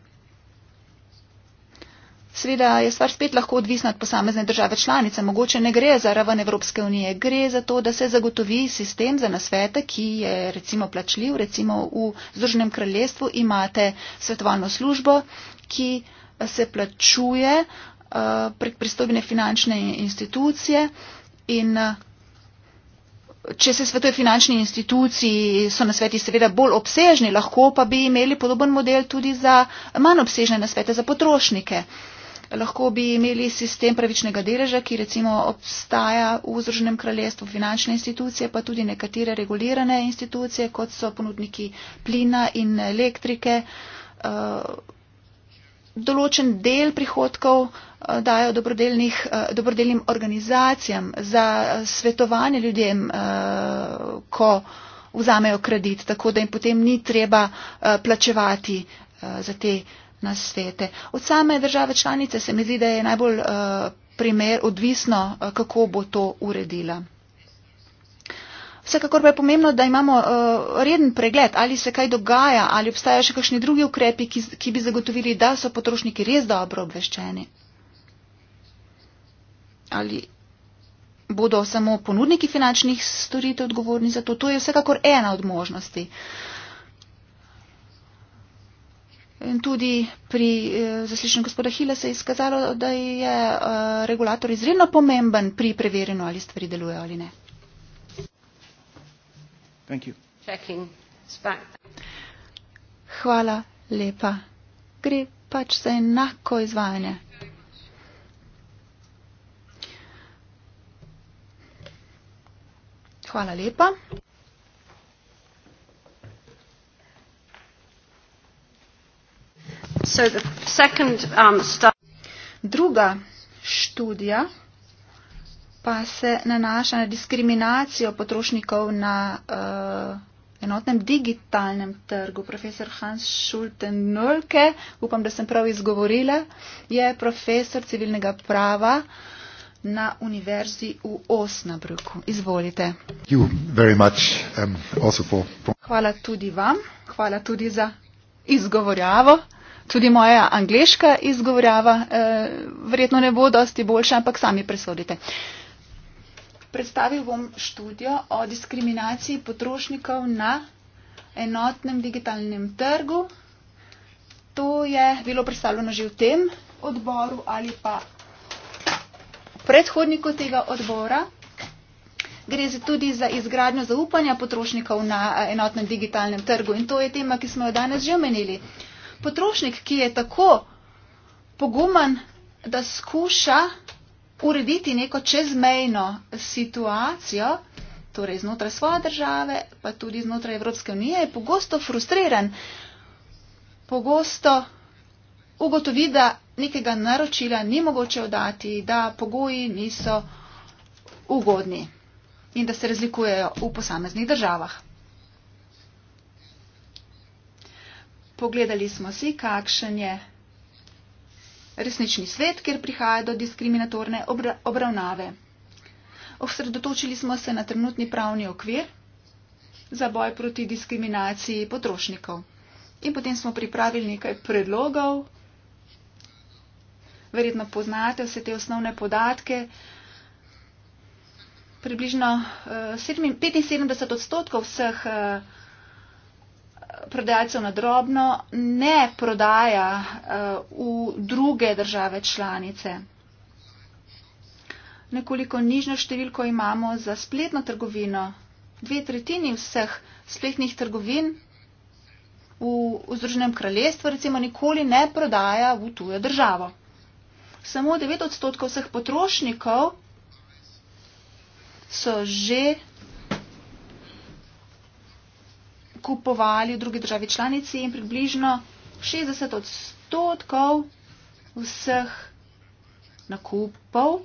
Speaker 2: Sveda je stvar spet lahko odvisna od posamezne države članice. Mogoče ne gre za raven Evropske unije, gre za to, da se zagotovi sistem za nasvete, ki je recimo plačljiv. Recimo v Združenem kraljestvu imate svetovalno službo, ki se plačuje uh, prek pristojne finančne institucije in uh, če se svetuje finančni instituciji, so nasveti seveda bolj obsežni, lahko pa bi imeli podoben model tudi za manj obsežne nasvete za potrošnike lahko bi imeli sistem pravičnega deleža, ki recimo obstaja v Združenem kraljestvu, finančne institucije, pa tudi nekatere regulirane institucije, kot so ponudniki plina in elektrike. Eh, določen del prihodkov eh, dajo eh, dobrodelnim organizacijam za svetovanje ljudem, ko vzamejo kredit, tako da jim potem ni treba plačevati za te na svete. Od same države članice se mi zdi, da je najbolj uh, primer odvisno, uh, kako bo to uredila. Vsekakor pa je pomembno, da imamo uh, reden pregled, ali se kaj dogaja, ali obstajajo še kakšni drugi ukrepi, ki, ki bi zagotovili, da so potrošniki res dobro obveščeni. Ali bodo samo ponudniki finančnih storitev odgovorni za to? To je vsekakor ena od možnosti. Uh, In tudi pri eh, zaslišanju gospoda Hila se je izkazalo, da je eh, regulator izredno pomemben pri preverjanju, ali stvari delujejo ali ne. Hvala lepa. Gre pač za enako izvajanje. Hvala lepa. So the second, um, Druga študija pa se nanaša na diskriminacijo potrošnikov na uh, enotnem digitalnem trgu. Profesor Hans Schulten-Nolke, upam, da sem prav izgovorila, je profesor civilnega prava na Univerzi v Osnabrku. Izvolite.
Speaker 3: Much, um, for...
Speaker 2: Hvala tudi vam, hvala tudi za izgovorjavo. Tudi moja angliška izgovorjava eh, verjetno ne bo dosti boljša, ampak sami presodite. Predstavil bom študijo o diskriminaciji potrošnikov na enotnem digitalnem trgu. To je bilo predstavljeno že v tem odboru ali pa predhodniku tega odbora. Gre tudi za izgradnjo zaupanja potrošnikov na eh, enotnem digitalnem trgu in to je tema, ki smo jo danes že omenili. Uh, potrošnik, ki je tako poguman, da skuša urediti neko čezmejno situacijo, torej znotraj svoje države, pa tudi znotraj Evropske unije, je pogosto frustriran, pogosto ugotovi, da nekega naročila ni mogoče oddati, da pogoji niso ugodni in da se razlikujejo v posameznih državah. pogledali smo si, kakšen je resnični svet, kjer prihaja do diskriminatorne obra obravnave. Osredotočili smo se na trenutni pravni okvir za boj proti diskriminaciji potrošnikov. In potem smo pripravili nekaj predlogov. Verjetno poznate vse te osnovne podatke. Približno 75 eh, odstotkov vseh eh, prodajalcev na drobno ne prodaja eh, v druge države članice. Nekoliko nižjo številko imamo za spletno trgovino. Dve tretjini vseh spletnih trgovin v Združenem kraljestvu recimo nikoli ne prodaja v tujo državo. Samo 9 odstotkov vseh potrošnikov so že kupovali v drugi državi članici in približno 60 odstotkov vseh nakupov,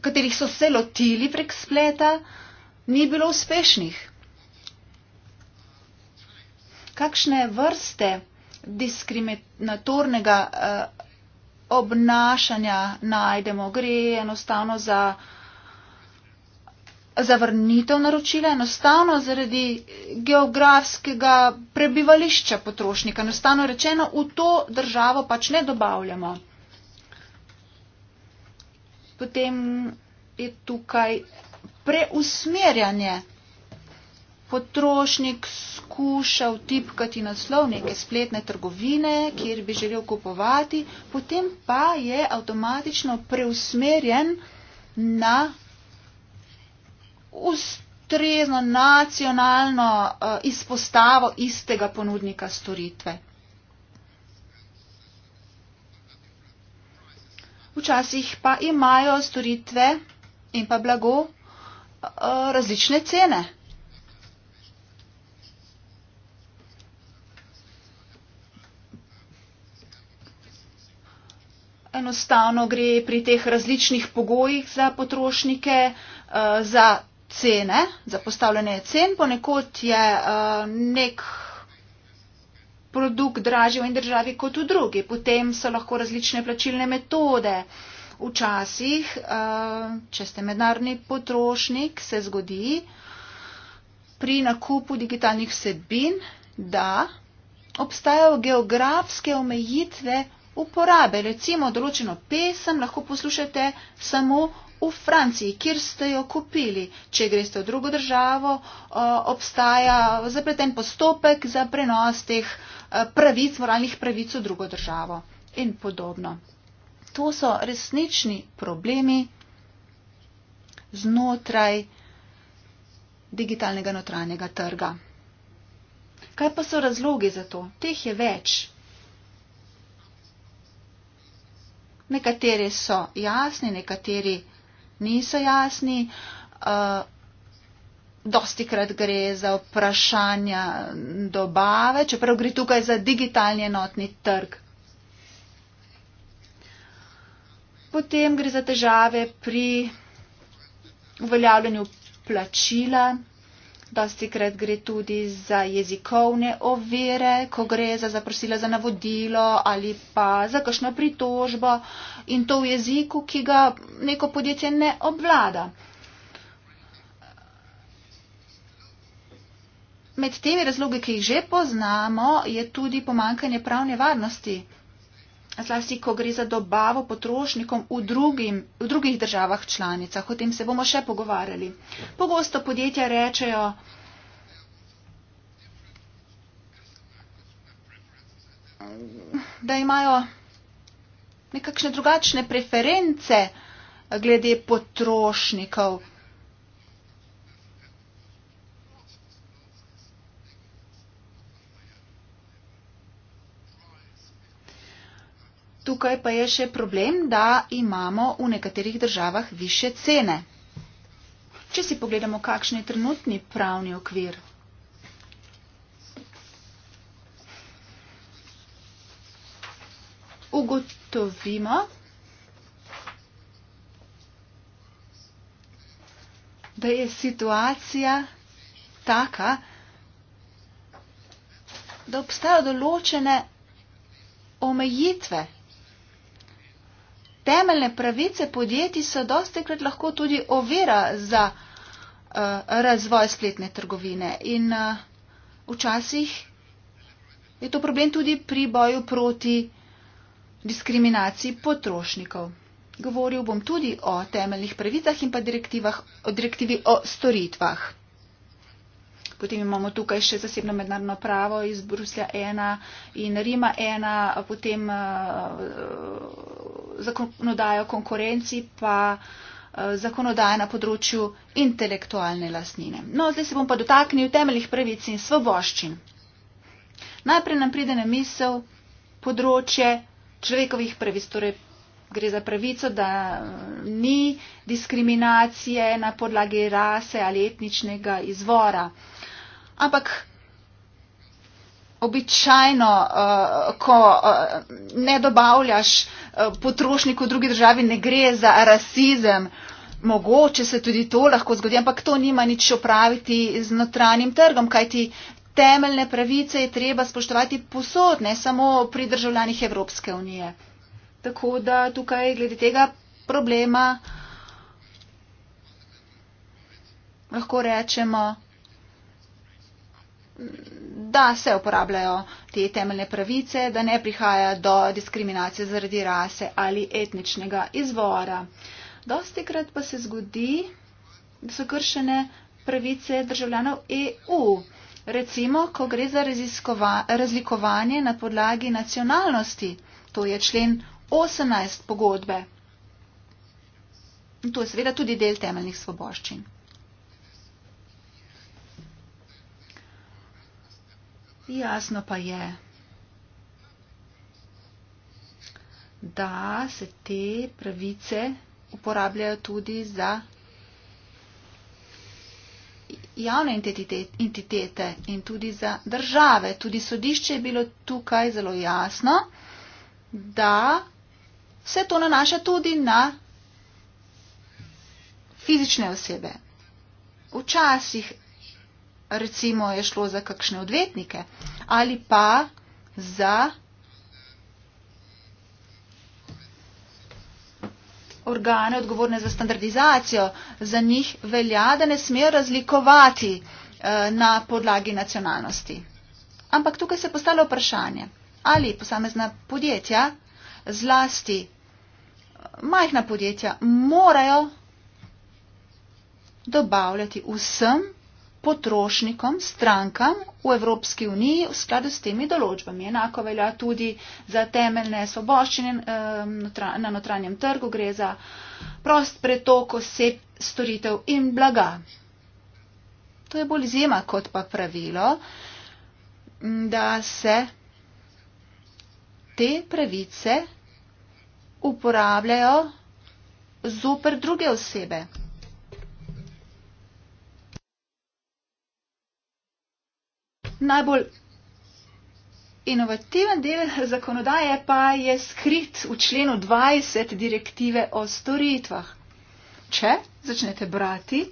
Speaker 2: katerih so se lotili prek spleta, ni bilo uspešnih. Kakšne vrste diskriminatornega uh, obnašanja najdemo? Gre enostavno za zavrnitev naročila, enostavno zaradi geografskega prebivališča potrošnika, enostavno rečeno, v to državo pač ne dobavljamo. Potem je tukaj preusmerjanje. Potrošnik skuša vtipkati naslov neke spletne trgovine, kjer bi želel kupovati, potem pa je avtomatično preusmerjen na ustrezno nacionalno eh, izpostavo istega ponudnika storitve. Včasih pa imajo storitve in pa blago eh, različne cene. Enostavno gre pri teh različnih pogojih za potrošnike, eh, za cene, za postavljanje cen, ponekod je uh, nek produkt dražji v eni državi kot v drugi. Potem so lahko različne plačilne metode. Včasih, uh, če ste mednarodni potrošnik, se zgodi pri nakupu digitalnih vsebin, da obstajajo geografske omejitve uporabe. Recimo določeno pesem lahko poslušate samo v Franciji, kjer ste jo kupili. Če greste v drugo državo, eh, obstaja zapleten postopek za prenos teh eh, pravic, moralnih pravic v drugo državo in podobno. To so resnični problemi znotraj digitalnega notranjega trga. Kaj pa so razlogi za to? Teh je več. Nekateri so jasni, nekateri niso jasni. Eh, Dosti krat gre za vprašanja dobave, čeprav gre tukaj za digitalni enotni trg. Potem gre za težave pri uveljavljanju plačila dosti krat gre tudi za jezikovne ovire, ko gre za zaprosila za navodilo ali pa za kakšno pritožbo in to v jeziku, ki ga neko podjetje ne obvlada. Med temi razlogi, ki jih že poznamo, je tudi pomankanje pravne varnosti zlasti, ko gre za dobavo potrošnikom v, drugim, v drugih državah članicah. O tem se bomo še pogovarjali. Pogosto podjetja rečejo, da imajo nekakšne drugačne preference glede potrošnikov. Tukaj pa je še problem, da imamo v nekaterih državah više cene. Če si pogledamo, kakšen je trenutni pravni okvir. Ugotovimo, da je situacija taka, da obstajajo določene omejitve temeljne pravice podjetij so dosti krat lahko tudi ovira za uh, razvoj spletne trgovine. In uh, včasih je to problem tudi pri boju proti diskriminaciji potrošnikov. Govoril bom tudi o temeljnih pravicah in pa direktivah, o direktivi o storitvah. Potem imamo tukaj še zasebno mednarodno pravo iz Bruslja 1 in Rima 1, potem eh, zakonodajo konkurenci, pa eh, zakonodajo na področju intelektualne lasnine. No, zdaj se bom pa dotaknil temeljih pravic in svoboščin. Najprej nam pride na misel področje človekovih pravic, torej gre za pravico, da eh, ni diskriminacije na podlagi rase ali etničnega izvora. Ampak običajno, uh, ko uh, ne dobavljaš uh, potrošniku v drugi državi, ne gre za rasizem. Mogoče se tudi to lahko zgodi, ampak to nima nič opraviti z notranjim trgom, kajti temeljne pravice je treba spoštovati posod, ne samo pri državljanih Evropske unije. Tako da tukaj glede tega problema lahko rečemo da se uporabljajo te temeljne pravice, da ne prihaja do diskriminacije zaradi rase ali etničnega izvora. Dosti krat pa se zgodi, da so kršene pravice državljanov EU. Recimo, ko gre za razlikovanje na podlagi nacionalnosti, to je člen 18 pogodbe. In to je seveda tudi del temeljnih svoboščin. Jasno pa je, da se te pravice uporabljajo tudi za javne entitete in tudi za države. Tudi sodišče je bilo tukaj zelo jasno, da se to nanaša tudi na fizične osebe. Včasih recimo je šlo za kakšne odvetnike ali pa za organe odgovorne za standardizacijo, za njih velja, da ne smejo razlikovati eh, na podlagi nacionalnosti. Ampak tukaj se postalo vprašanje, ali posamezna podjetja, zlasti eh, majhna podjetja, morajo dobavljati vsem potrošnikom, strankam v Evropski uniji v skladu s temi določbami. Enako velja tudi za temeljne svoboščine eh, na notranjem trgu, gre za prost pretok oseb, storitev in blaga. To je bolj izjema kot pa pravilo, da se te pravice uporabljajo zoper druge osebe. najbolj inovativen del zakonodaje pa je skrit v členu 20 direktive o storitvah. Če začnete brati,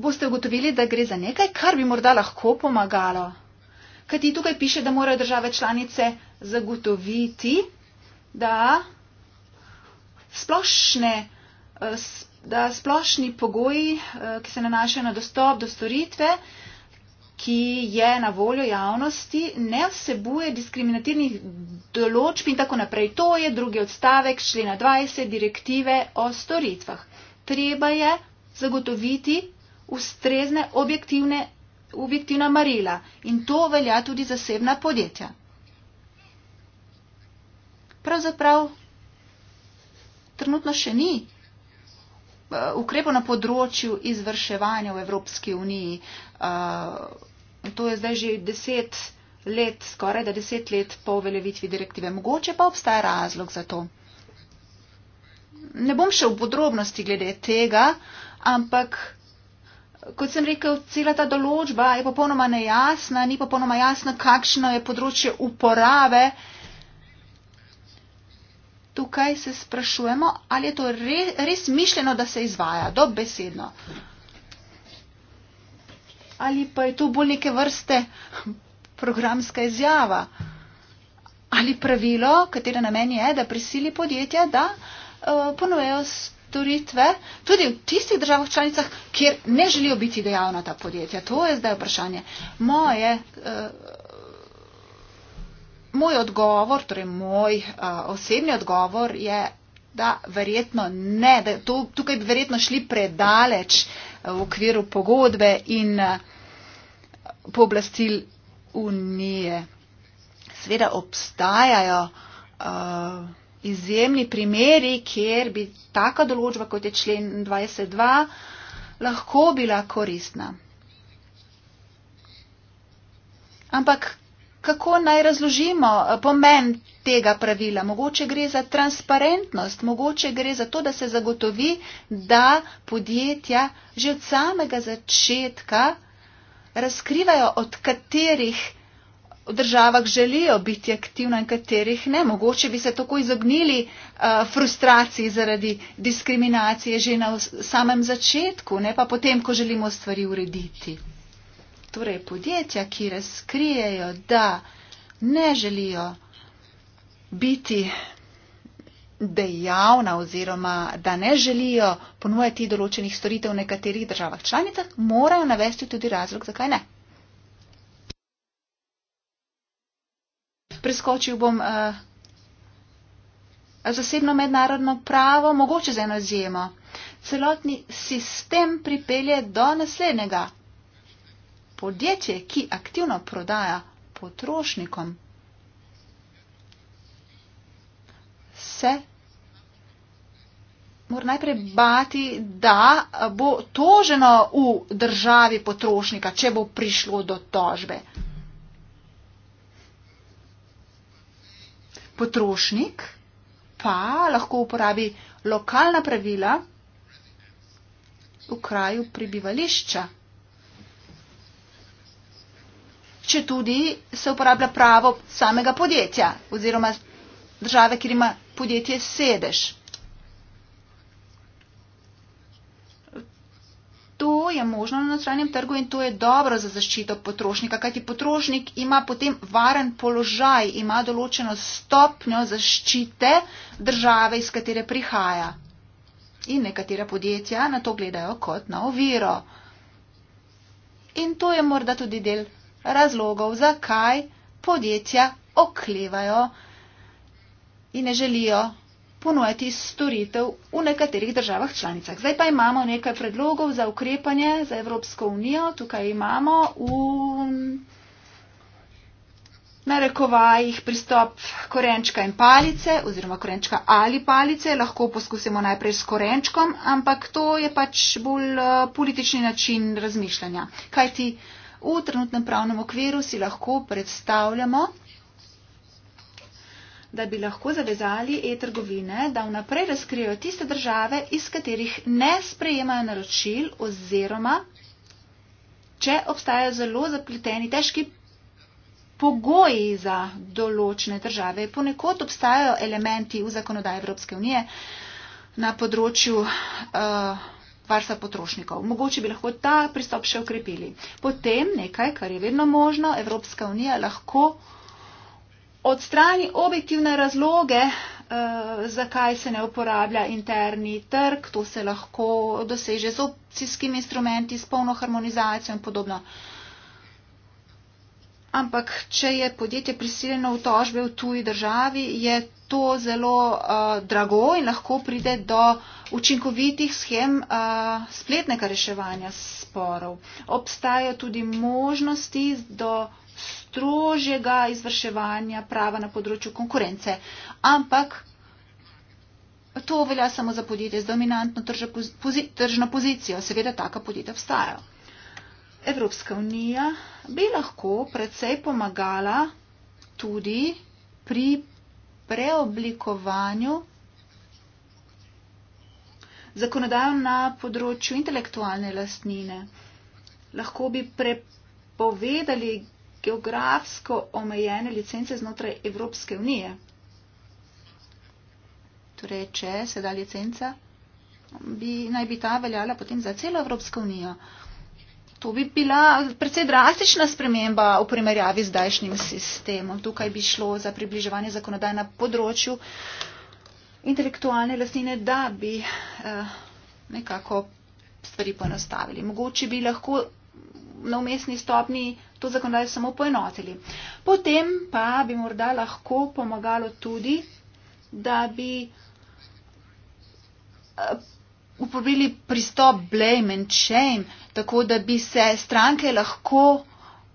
Speaker 2: boste ugotovili, da gre za nekaj, kar bi morda lahko pomagalo. Kajti tukaj piše, da morajo države članice zagotoviti, da splošne eh, da splošni pogoji, eh, ki se nanašajo na dostop do storitve, ki je na voljo javnosti, ne vsebuje diskriminativnih določb in tako naprej. To je drugi odstavek člena 20 direktive o storitvah. Treba je zagotoviti ustrezne objektivne, objektivna marila in to velja tudi zasebna podjetja. Pravzaprav trenutno še ni Eh, ukrepov na področju izvrševanja v Evropski uniji. Eh, to je zdaj že deset let, skoraj da deset let po uveljavitvi direktive. Mogoče pa obstaja razlog za to. Ne bom še v podrobnosti glede tega, ampak. Kot sem rekel, cela ta določba je popolnoma nejasna, ni popolnoma jasno, kakšno je področje uporabe uh, tukaj se sprašujemo, ali je to res, res mišljeno, da se izvaja, dobesedno. Ali pa je to bolj neke vrste programska izjava ali pravilo, katere namen je, da prisili podjetja, da uh, eh, ponujejo storitve tudi v tistih državah članicah, kjer ne želijo biti dejavna ta podjetja. To je zdaj vprašanje. Moje. Uh, moj odgovor, torej moj a, osebni odgovor je, da verjetno ne, da to, tukaj bi verjetno šli predaleč v okviru pogodbe in pooblastil unije. Sveda obstajajo a, izjemni primeri, kjer bi taka določba, kot je člen 22, lahko bila koristna. Ampak kako naj razložimo eh, pomen tega pravila. Mogoče gre za transparentnost, mogoče gre za to, da se zagotovi, da podjetja že od samega začetka razkrivajo, od katerih v državah želijo biti aktivna in katerih ne. Mogoče bi se tako izognili uh, frustraciji zaradi diskriminacije že na samem začetku, ne pa potem, ko želimo stvari urediti torej podjetja, ki razkrijejo, da ne želijo biti dejavna oziroma da ne želijo ponujati določenih storitev v nekaterih državah članicah, morajo navesti tudi razlog, zakaj ne. Preskočil bom uh, zasebno mednarodno pravo, mogoče z eno izjemo. Celotni sistem pripelje do naslednjega podjetje, ki aktivno prodaja potrošnikom, se mora najprej bati, da bo toženo v državi potrošnika, če bo prišlo do tožbe. Potrošnik pa lahko uporabi lokalna pravila v kraju prebivališča. če tudi se uporablja pravo samega podjetja oziroma države, kjer ima podjetje sedež. To je možno na notranjem trgu in to je dobro za zaščito potrošnika, kajti potrošnik ima potem varen položaj, ima določeno stopnjo zaščite države, iz katere prihaja. In nekatera podjetja na to gledajo kot na oviro. In to je morda tudi del razlogov, zakaj podjetja oklevajo in ne želijo ponujati storitev v nekaterih državah članicah. Zdaj pa imamo nekaj predlogov za ukrepanje za Evropsko unijo. Tukaj imamo v narekovajih pristop korenčka in palice oziroma korenčka ali palice. Lahko poskusimo najprej s korenčkom, ampak to je pač bolj eh, politični način razmišljanja. Kaj ti? V trenutnem pravnem okviru si lahko predstavljamo, da bi lahko zavezali e-trgovine, da vnaprej razkrijajo tiste države, iz katerih ne sprejemajo naročil oziroma, če obstajajo zelo zapleteni, težki pogoji za določene države. Ponekod obstajajo elementi v zakonodaji Evropske unije na področju. Uh, varstva potrošnikov. Mogoče bi lahko ta pristop še ukrepili. Potem nekaj, kar je vedno možno, Evropska unija lahko odstrani objektivne razloge, eh, zakaj se ne uporablja interni trg, to se lahko doseže z opcijskimi instrumenti, s polno harmonizacijo in podobno. Eh, Ampak, če je podjetje prisiljeno v tožbe v tuji državi, je to zelo uh, drago in lahko pride do učinkovitih schem uh, eh, spletnega reševanja sporov. Obstajajo tudi možnosti do strožjega izvrševanja prava na področju konkurence. Ampak to velja samo za podjetje z dominantno tržno pozicijo. Seveda, taka podjetja obstajajo. Evropska unija bi lahko predvsej pomagala tudi pri preoblikovanju zakonodajo na področju intelektualne lastnine. Lahko bi prepovedali geografsko omejene licence znotraj Evropske unije. Torej, če se da licenca, bi, naj bi ta veljala potem za celo Evropsko unijo. To bi bila precej drastična sprememba v primerjavi z dajšnjim sistemom. Tukaj bi šlo za približevanje zakonodaj na področju intelektualne lastnine, da bi eh, nekako stvari poenostavili. Mogoče bi lahko na umestni stopni to zakonodaj samo poenotili. Potem pa bi morda lahko pomagalo tudi, da bi eh, uporabili pristop blame and shame, tako da bi se stranke lahko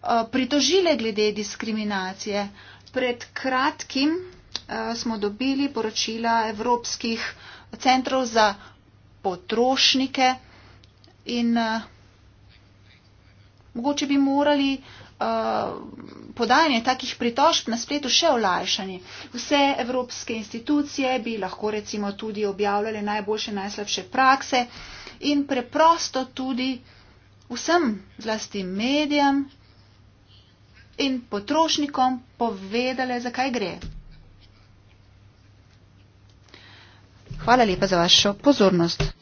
Speaker 2: eh, pritožile glede diskriminacije. Pred kratkim eh, smo dobili poročila Evropskih centrov za potrošnike in eh, mogoče bi morali Eh, podajanje takih pritožb na spletu še olajšanje. Vse evropske institucije bi lahko recimo tudi objavljale najboljše, najslabše prakse in preprosto tudi vsem zlasti medijem in potrošnikom povedale, zakaj gre. Hvala lepa za vašo pozornost.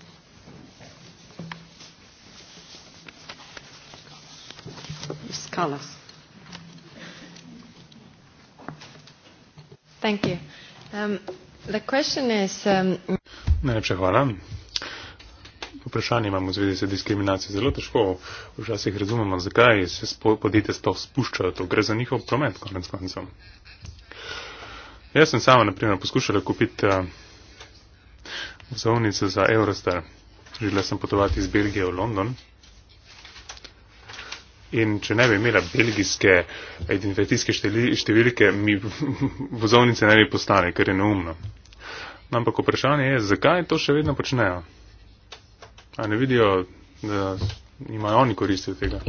Speaker 2: Callas. Thank you. Um, the question is... Um...
Speaker 3: Najlepša hvala. Vprašanje imamo v zvezi z diskriminacijo. Zelo težko včasih razumemo, zakaj se podjetja sploh spuščajo. To gre za njihov promet, konec koncev. Jaz sem sama, na primer, poskušala kupiti uh, eh, vzovnice za Eurostar. Želela sem potovati iz Belgije v London in če ne bi imela belgijske identifikacijske številke, mi vozovnice ne bi postale, ker je neumno. No, ampak vprašanje je, zakaj to še vedno počnejo? A ne vidijo, da imajo oni koristi od tega?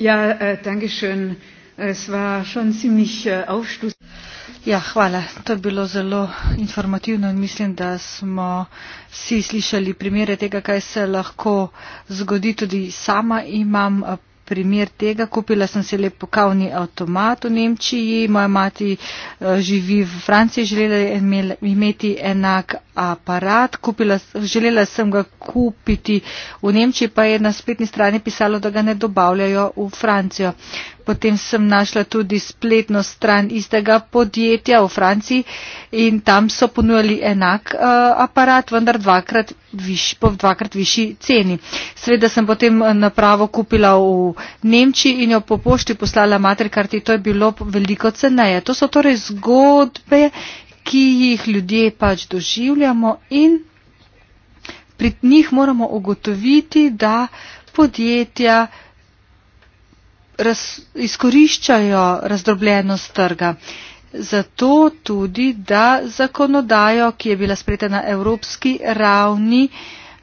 Speaker 1: Ja, uh, danke schön. Es war schon ziemlich uh, eh, aufschlussreich. Ja, hvala. To je bilo zelo informativno in mislim, da smo vsi slišali primere tega, kaj se lahko zgodi. Tudi sama imam eh, primer tega. Kupila sem se lepo kavni avtomat v Nemčiji. Moja mati eh, živi v Franciji, želela je imeti enak aparat. Kupila, želela sem ga kupiti v Nemčiji, pa je na spletni strani pisalo, da ga ne dobavljajo v Francijo. Potem sem našla tudi spletno stran istega podjetja v Franciji in tam so ponujali enak uh, aparat, vendar dvakrat viš, po dvakrat višji ceni. Sveda sem potem eh, napravo kupila v Nemčiji in jo po pošti poslala materkarti, to je bilo veliko ceneje. To so torej zgodbe, ki jih ljudje pač doživljamo in pri njih moramo ugotoviti, da podjetja raz, izkoriščajo razdrobljenost trga. Zato tudi, da zakonodajo, ki je bila spreta na evropski ravni,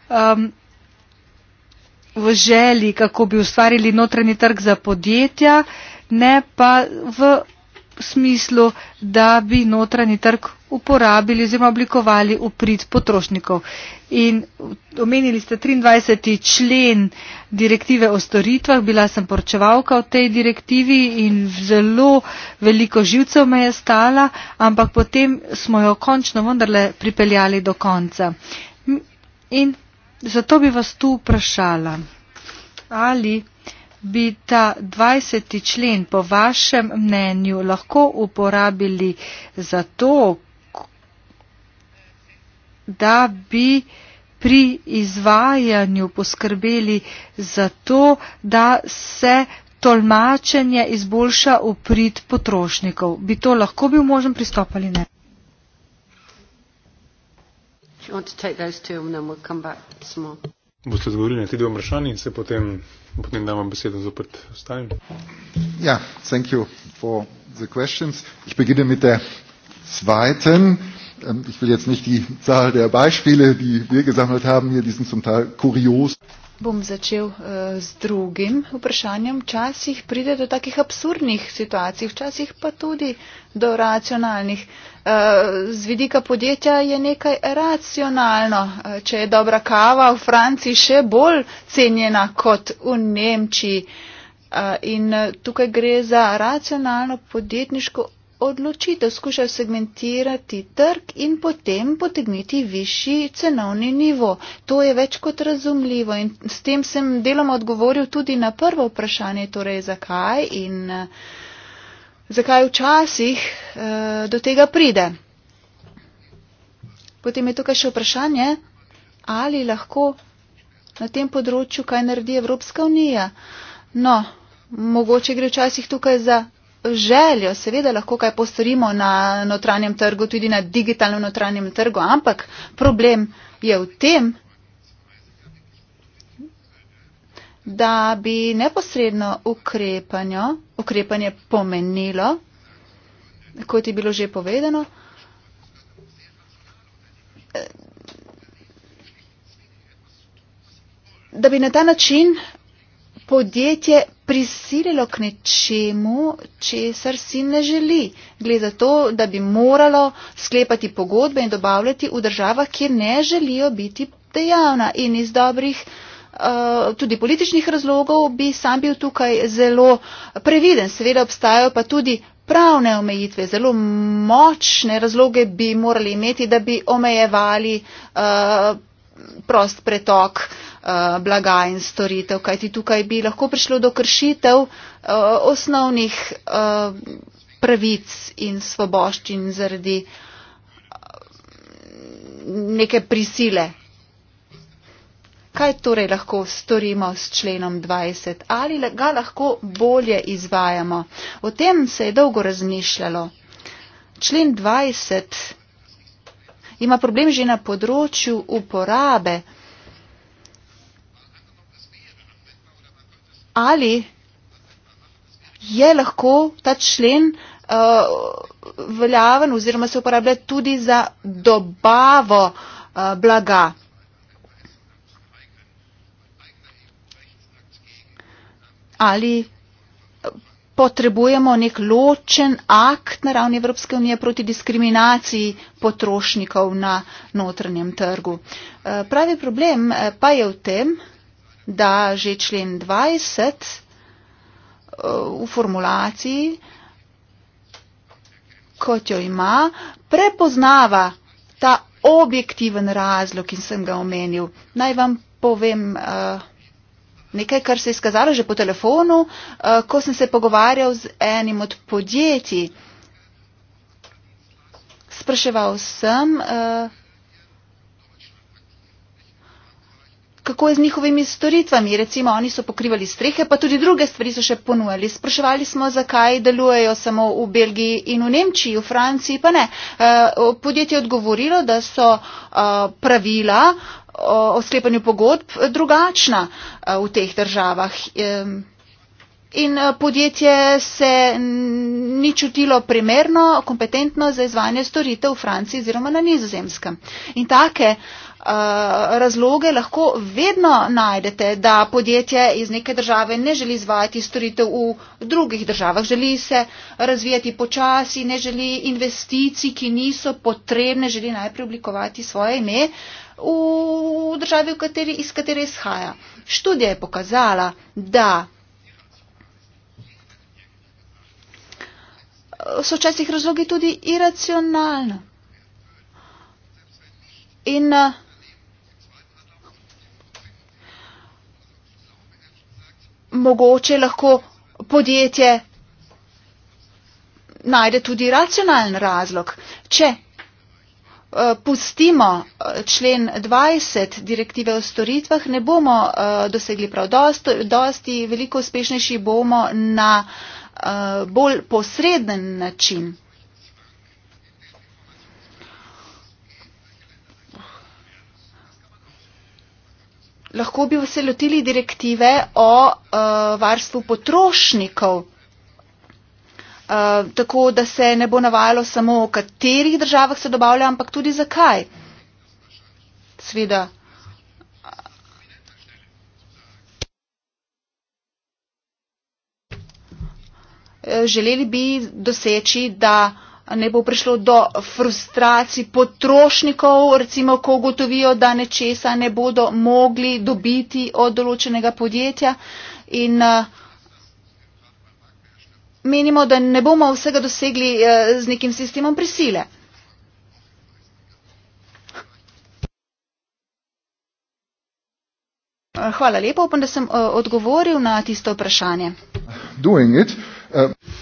Speaker 1: um, v želi, kako bi ustvarili notranji trg za podjetja, ne pa v smislu, da bi notranji trg uporabili oziroma oblikovali v prid potrošnikov. In omenili ste 23. člen direktive o storitvah, bila sem poročevalka v tej direktivi in zelo veliko živcev me je stala, ampak potem smo jo končno vendarle pripeljali do konca. In zato bi vas tu vprašala, ali bi ta 20. člen po vašem mnenju lahko uporabili za to, da bi pri izvajanju poskrbeli za to, da se tolmačenje izboljša v prid potrošnikov. Bi to lahko bil možen pristop ali ne?
Speaker 3: boste odgovorili na ti dve vprašanji in se potem, potem damo besedo zopet ostalim.
Speaker 1: Ja, thank you for the questions. Ich beginne mit der zweiten. Ähm, ich will jetzt nicht die Zahl der Beispiele, die wir gesammelt haben, hier, die sind zum Teil kurios
Speaker 2: bom začel uh, z drugim vprašanjem. Včasih pride do takih absurdnih situacij, včasih pa tudi do racionalnih. Uh, z vidika podjetja je nekaj racionalno. Uh, če je dobra kava v Franciji še bolj cenjena kot v Nemčiji. Uh, in uh, tukaj gre za racionalno podjetniško odločitev, skušajo segmentirati trg in potem potegniti višji cenovni nivo. To je več kot razumljivo in s tem sem deloma odgovoril tudi na prvo vprašanje, torej zakaj in eh, zakaj včasih eh, do tega pride. Potem je tukaj še vprašanje, ali lahko na tem področju kaj naredi Evropska unija. No, mogoče gre včasih tukaj za željo, seveda lahko kaj postorimo na notranjem trgu, tudi na digitalnem notranjem trgu, ampak problem je v tem, da bi neposredno ukrepanje pomenilo, kot je bilo že povedano, da bi na ta način podjetje prisililo k nečemu, česar si ne želi. Gre za to, da bi moralo sklepati pogodbe in dobavljati v državah, kjer ne želijo biti dejavna in iz dobrih. Eh, tudi političnih razlogov bi sam bil tukaj zelo previden. Seveda obstajajo pa tudi pravne omejitve, zelo močne razloge bi morali imeti, da bi omejevali uh, prost pretok uh, Eh, blaga in storitev, kajti tukaj bi lahko prišlo do kršitev eh, osnovnih eh, pravic in svoboščin zaradi neke prisile. Kaj torej lahko storimo s členom 20 ali ga lahko bolje izvajamo? O tem se je dolgo razmišljalo. Člen 20 ima problem že na področju uporabe ali je lahko ta člen uh, veljaven oziroma se uporablja tudi za dobavo uh, blaga. Ali potrebujemo nek ločen akt na ravni Evropske unije proti diskriminaciji potrošnikov na notranjem trgu. Uh, pravi problem eh, pa je v tem, da že člen 20 eh, v formulaciji, kot jo ima, prepoznava ta objektiven razlog, ki sem ga omenil. Naj vam povem eh, nekaj, kar se je skazalo že po telefonu, eh, ko sem se pogovarjal z enim od podjetij. Spraševal sem, kako je z njihovimi storitvami. Recimo, oni so pokrivali strehe, pa tudi druge stvari so še ponujali. Spraševali smo, zakaj delujejo samo v Belgiji in v Nemčiji, v Franciji pa ne. Eh, podjetje je odgovorilo, da so eh, pravila o sklepanju pogodb drugačna eh, v teh državah. In podjetje se ni čutilo primerno, kompetentno za izvajanje storitev v Franciji oziroma na nizozemskem. In take uh, uh, razloge lahko vedno najdete, da podjetje iz neke države ne želi izvajati storitev v drugih državah, želi se razvijati počasi, ne želi investicij, ki niso potrebne, želi najprej oblikovati svoje ime v državi, v kateri, iz katere izhaja. Študija je pokazala, da so včasih razlogi tudi iracionalni. In uh, mogoče lahko podjetje najde tudi racionalen razlog. Če eh, pustimo eh, člen 20 direktive o storitvah, ne bomo eh, dosegli prav dosti, dosti veliko uspešnejši bomo na bolj posreden način. lahko bi se lotili direktive o uh, varstvu potrošnikov, uh, tako da se ne bo navajalo samo, v katerih državah se dobavlja, ampak tudi zakaj. Sveda. Eh, želeli bi doseči, da ne bo prišlo do frustracij potrošnikov, recimo, ko ugotovijo, da nečesa ne bodo mogli dobiti od določenega podjetja. In eh, menimo, da ne bomo vsega dosegli eh, z nekim sistemom prisile. Eh, hvala lepa, upam, da sem odgovoril na tisto vprašanje.
Speaker 3: Doing it.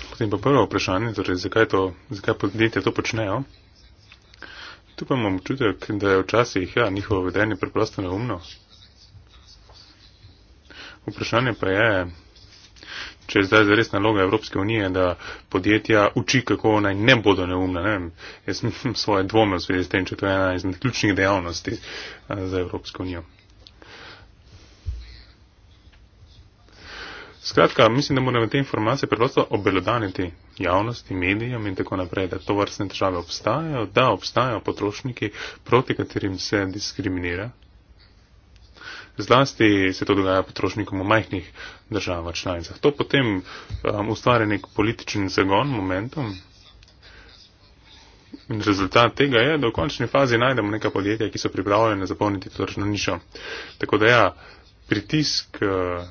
Speaker 3: Potem eh, pa prvo vprašanje, torej zakaj, to, zakaj podjetja to počnejo. Tu pa imam občutek, da je včasih ja, njihovo vedenje preprosto neumno. Vprašanje pa je, če je zdaj zares naloga Evropske unije, da podjetja uči, kako naj ne bodo neumna. Ne Jaz imam svoje dvome v zvezi s tem, če to je ena izmed ključnih dejavnosti eh, za Evropsko unijo. Skratka, mislim, da moramo te informacije preprosto obelodaniti javnosti, medijem in tako naprej, da to vrstne težave obstajajo, da obstajajo potrošniki, proti katerim se diskriminira. Zlasti se to dogaja potrošnikom v majhnih državah članicah. To potem um, ustvari nek političen zagon, momentum. In rezultat tega je, da v končni fazi najdemo neka podjetja, ki so pripravljene zapolniti to tržno nišo. Tako da ja, pritisk. Uh,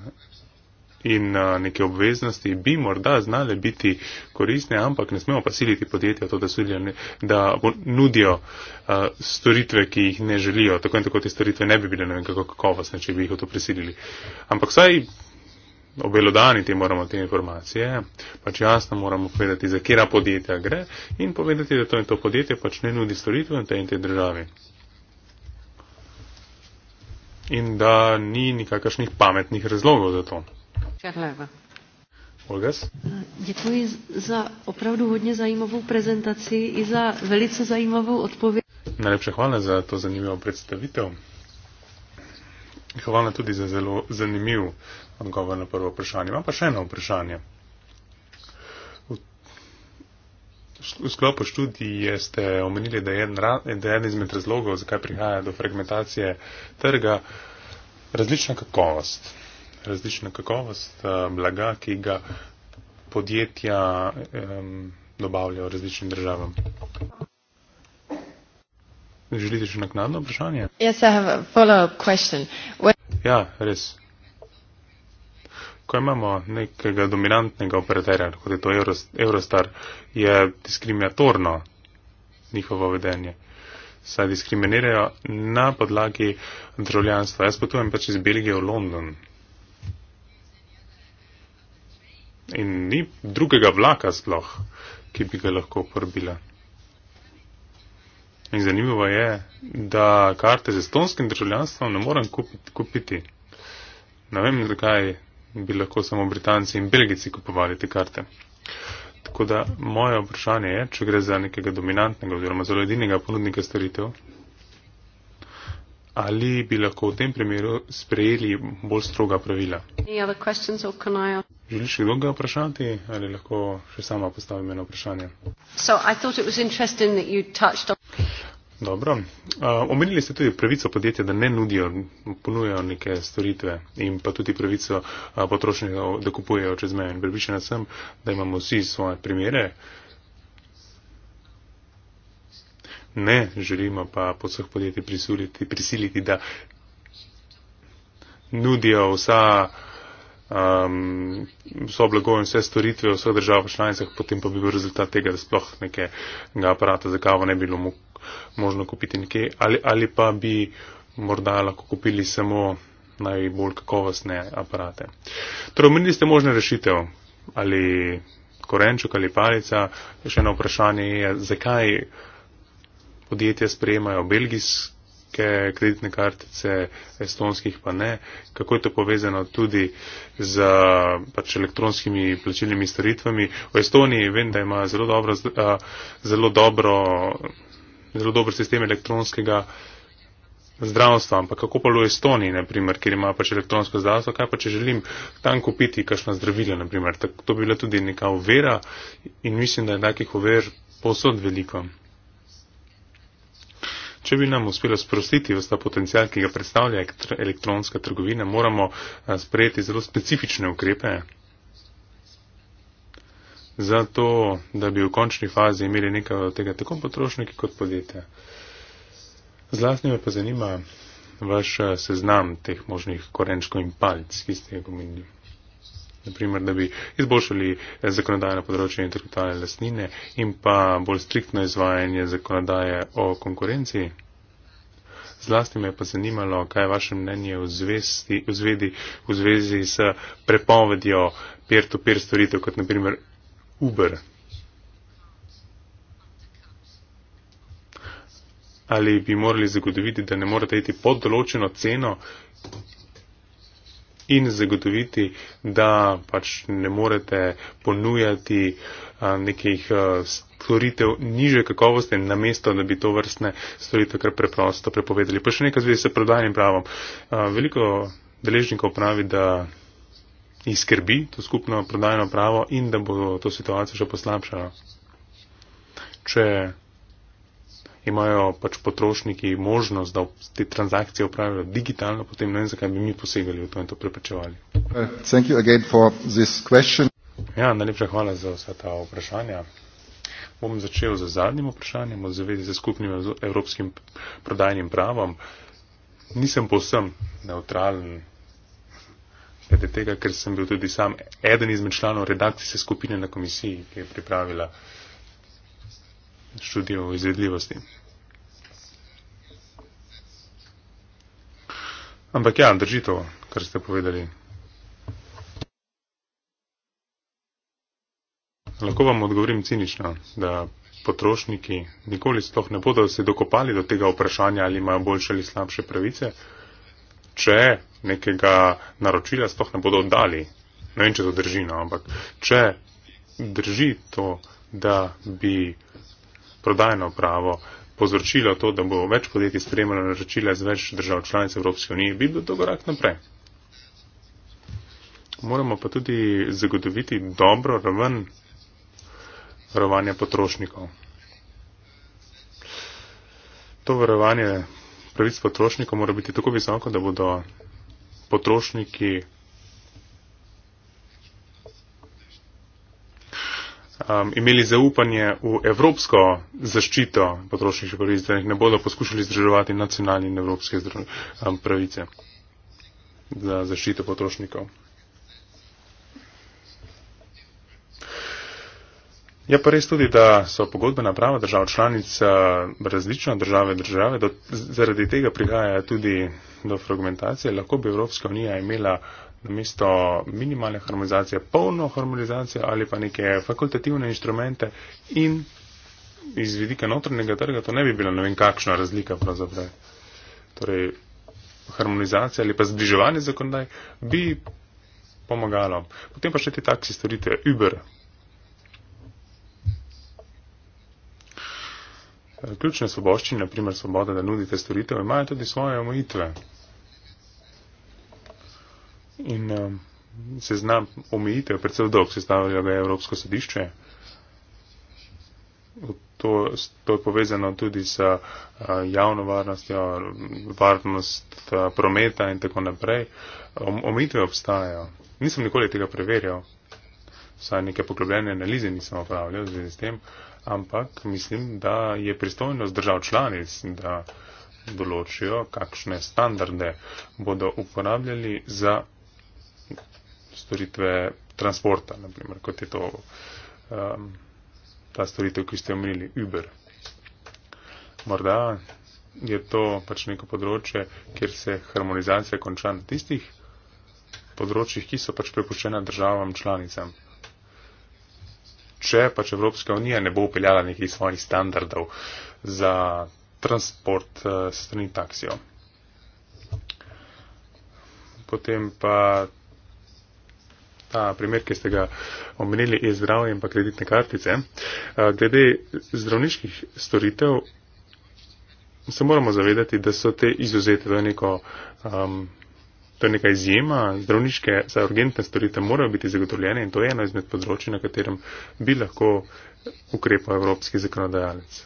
Speaker 3: in uh, neke obveznosti bi morda znale biti korisne, ampak ne smemo pa siliti podjetja to, da, sudijo, da nudijo uh, storitve, ki jih ne želijo. Tako in tako te storitve ne bi bile ne vem kako kakovostne, če bi jih o to prisilili. Ampak vsaj obelodani te moramo te informacije, pač jasno moramo povedati, za kera podjetja gre in povedati, da to in to podjetje pač ne nudi storitve v tej in tej državi. In da ni nikakršnih pametnih razlogov za to.
Speaker 1: Děkuji za opravdu hodně zajímavou prezentaci i za velice zajímavou odpověď.
Speaker 3: Najlepše chvále za to zanimivou představitel. Hvala tudi za zelo zanimiv odgovor na prvo vprašanje. Imam pa še eno vprašanje. V sklopu študije ste omenili, da je en, ra, da je en izmed razlogov, zakaj prihaja do fragmentacije trga, različna kakovost različno kakovost eh, blaga, ki ga podjetja um, dobavljajo različnim državam. Želite še naknadno vprašanje?
Speaker 2: Yes,
Speaker 3: ja, res. Ko imamo nekega dominantnega operaterja, kot je to Eurostar, je diskriminatorno njihovo vedenje. Saj diskriminirajo na podlagi državljanstva. Jaz potujem pač iz Belgije v London. in ni drugega vlaka sploh, ki bi ga lahko uporabila. In zanimivo je, da karte z estonskim državljanstvom ne morem kupiti. kupiti. Ne vem, zakaj bi lahko samo Britanci in Belgici kupovali te karte. Tako da moje vprašanje je, če gre za nekega dominantnega oziroma zelo edinega ponudnika storitev, ali bi lahko v tem primeru sprejeli bolj stroga pravila. Želiš kdo ga vprašati ali lahko še sama postavim eno vprašanje? Dobro. Omenili ste tudi pravico podjetja, da ne nudijo, ponujajo neke storitve in pa tudi pravico potrošnikov, da kupujejo čez meje. In pripričana sem, da imamo vsi svoje primere, uh, ne želimo pa po vseh podjetij prisiliti, prisiliti, da nudijo vsa, um, vso blago in vse storitve v vseh državah članicah, potem pa bi bil rezultat tega, da sploh nekega aparata za kavo ne bi bilo možno kupiti nekje ali, ali pa bi morda lahko kupili samo najbolj kakovostne aparate. Torej, omenili ste možne rešitev ali korenčuk ali palica. Še eno vprašanje je, zakaj podjetja sprejemajo belgijske kreditne kartice, estonskih pa ne. Kako je to povezano tudi z pač elektronskimi plačilnimi storitvami? V Estoniji vem, da ima zelo dobro, zelo dobro, zelo dobro sistem elektronskega zdravstva, ampak kako pa v Estoniji, naprimer, kjer ima pač elektronsko zdravstvo, kaj pa če želim tam kupiti kakšno zdravilo, naprimer. To bi bila tudi neka uvera in mislim, da je takih uver posod veliko. Če bi nam uspelo sprostiti vsta potencijal, ki ga predstavlja elektronska trgovina, moramo eh, sprejeti zelo specifične ukrepe. Zato, da bi v končni fazi imeli nekaj od tega tako potrošniki kot podjetja. Zlastno me pa zanima vaš eh, seznam teh možnih korenčkov in palic, ki ste jih omenili naprimer, da bi izboljšali eh, zakonodajno področje intelektualne lastnine in pa bolj striktno izvajanje zakonodaje o konkurenci. Zlasti me je pa zanimalo, kaj je vaše mnenje v, zvesti, v, zvedi, v zvezi s prepovedjo peer-to-peer storitev, kot naprimer Uber. Ali bi morali zagotoviti, da ne morete iti pod določeno ceno in zagotoviti, da pač ne morete ponujati nekih storitev niže kakovosti, namesto da bi to vrstne storitev kar preprosto prepovedali. Pa še nekaj zvezi s prodajnim pravom. Veliko deležnikov pravi, da jih skrbi to skupno prodajno pravo in da bo to situacijo še poslabšalo. Če imajo pač potrošniki možnost, da te transakcije upravljajo digitalno, potem ne vem, zakaj bi mi posegali v to in to preprečevali. Uh, ja, najlepša hvala za vsa ta vprašanja. Bom začel z zadnjim vprašanjem, od zavezi za skupnim evropskim prodajnim pravom. Nisem povsem neutralen. Glede tega, ker sem bil tudi sam eden izmed članov redakcijske skupine na komisiji, ki je pripravila uh, študijo o izvedljivosti. Ampak ja, drži to, kar ste povedali. Lahko vam odgovorim cinično, da potrošniki nikoli stoh ne bodo se dokopali do tega vprašanja, ali imajo boljše ali slabše pravice, če nekega naročila stoh ne bodo oddali. Ne vem, če to drži, no, ampak če drži to, da bi prodajno pravo povzročilo to, da bo več podjetij sprejemalo naročila z več držav članic Evropske unije, bi bilo to korak naprej. Moramo pa tudi zagotoviti dobro raven varovanja potrošnikov. To varovanje pravic potrošnikov mora biti tako visoko, da bodo potrošniki um, imeli zaupanje v evropsko zaščito potrošniških pravic, da jih ne bodo poskušali združevati nacionalni in evropske um, pravice za zaščito potrošnikov. Je pa res tudi, da so pogodbena prava držav članica uh, različna države države, do, zaradi tega prihaja tudi do fragmentacije. Lahko bi Evropska unija imela uh, namesto minimalne harmonizacije polno harmonizacijo ali pa neke fakultativne inštrumente in iz vidika notranjega trga to ne bi bila ne vem kakšna razlika pravzaprav. Torej, harmonizacija ali pa zbliževanje zakonodaj bi pomagalo. Potem pa še te taksi storite Uber. Ključne svoboščine, naprimer svoboda, da nudite storitev, imajo tudi svoje omejitve in um, se zna omejitev, predvsem dolg, se stavlja ga Evropsko sodišče. To, to je povezano tudi s uh, javno varnostjo, varnost uh, prometa in tako naprej. Omejitve obstajajo. Nisem nikoli tega preverjal, saj neke poglobljene analize nisem opravljal zvezi s tem, ampak mislim, da je pristojnost držav članic, da določijo, kakšne standarde bodo uporabljali za storitve transporta, naprimer, kot je to um, ta storitev, ki ste omenili, Uber. Morda je to pač neko področje, kjer se harmonizacija konča na tistih področjih, ki so pač prepuščena državam članicam. Če pač Evropska unija ne bo upeljala nekih svojih standardov za transport uh, strani taksijo. Potem pa ta primer, ki ste ga omenili, je zdravje in pa kreditne kartice. Glede zdravniških storitev se moramo zavedati, da so te izuzete do neko. Um, To je neka izjema, zdravniške za urgentne storitve morajo biti zagotovljene in to je eno izmed področji, na katerem bi lahko ukrepal evropski zakonodajalec.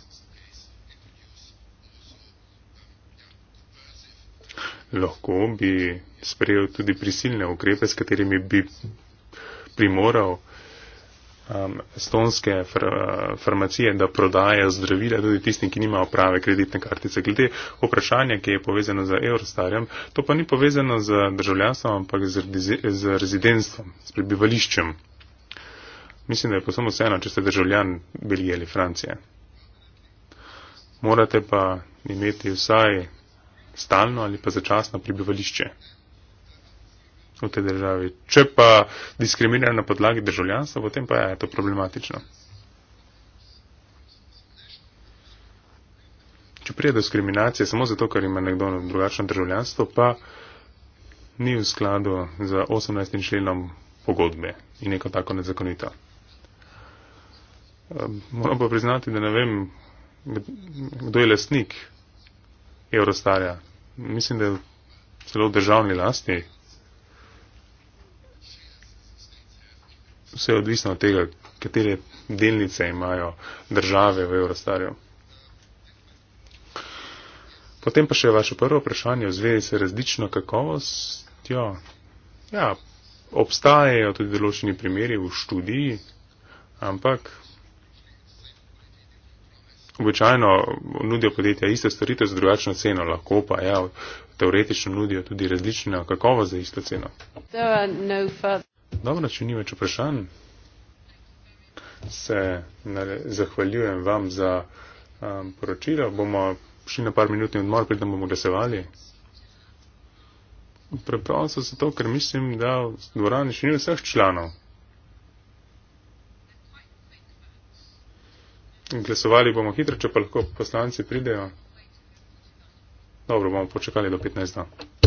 Speaker 3: Lahko bi sprejel tudi prisilne ukrepe, s katerimi bi primoral um, estonske far, uh, farmacije, da prodaja zdravila tudi tistim, ki nimajo prave kreditne kartice. Glede vprašanja, ki je povezano z Eurostarjem, to pa ni povezano z državljanstvom, ampak z, z rezidenstvom, s prebivališčem. Mislim, da je posebno vseeno, če ste državljan Belgije ali Francije. Morate pa imeti vsaj stalno ali pa začasno prebivališče v tej državi. Če pa diskriminirajo na podlagi državljanstva, potem pa je to problematično. Če prije do diskriminacije samo zato, ker ima nekdo drugačno državljanstvo, pa ni v skladu z 18. členom pogodbe in neko tako nezakonito. Ehm, moram pa priznati, da ne vem, kdo je lasnik Eurostarja. Mislim, da je celo državni lastnik. vse odvisno od tega, katere delnice imajo države v Eurostarju. Potem pa še vaše prvo vprašanje v zvezi s različno kakovostjo. Ja, obstajajo tudi določeni primeri v študiji, ampak običajno nudijo podjetja isto storitev z drugačno ceno, lahko pa ja, teoretično nudijo tudi različno kakovost za isto ceno. Dobro, če ni več vprašanj, se zahvaljujem vam za um, poročilo. Bomo šli na par minutni odmor, predem bomo glasovali. Preprosto zato, ker mislim, da v dvorani še ni vseh članov. Glasovali bomo hitro, če pa lahko poslanci pridejo. Dobro, bomo počakali do 15.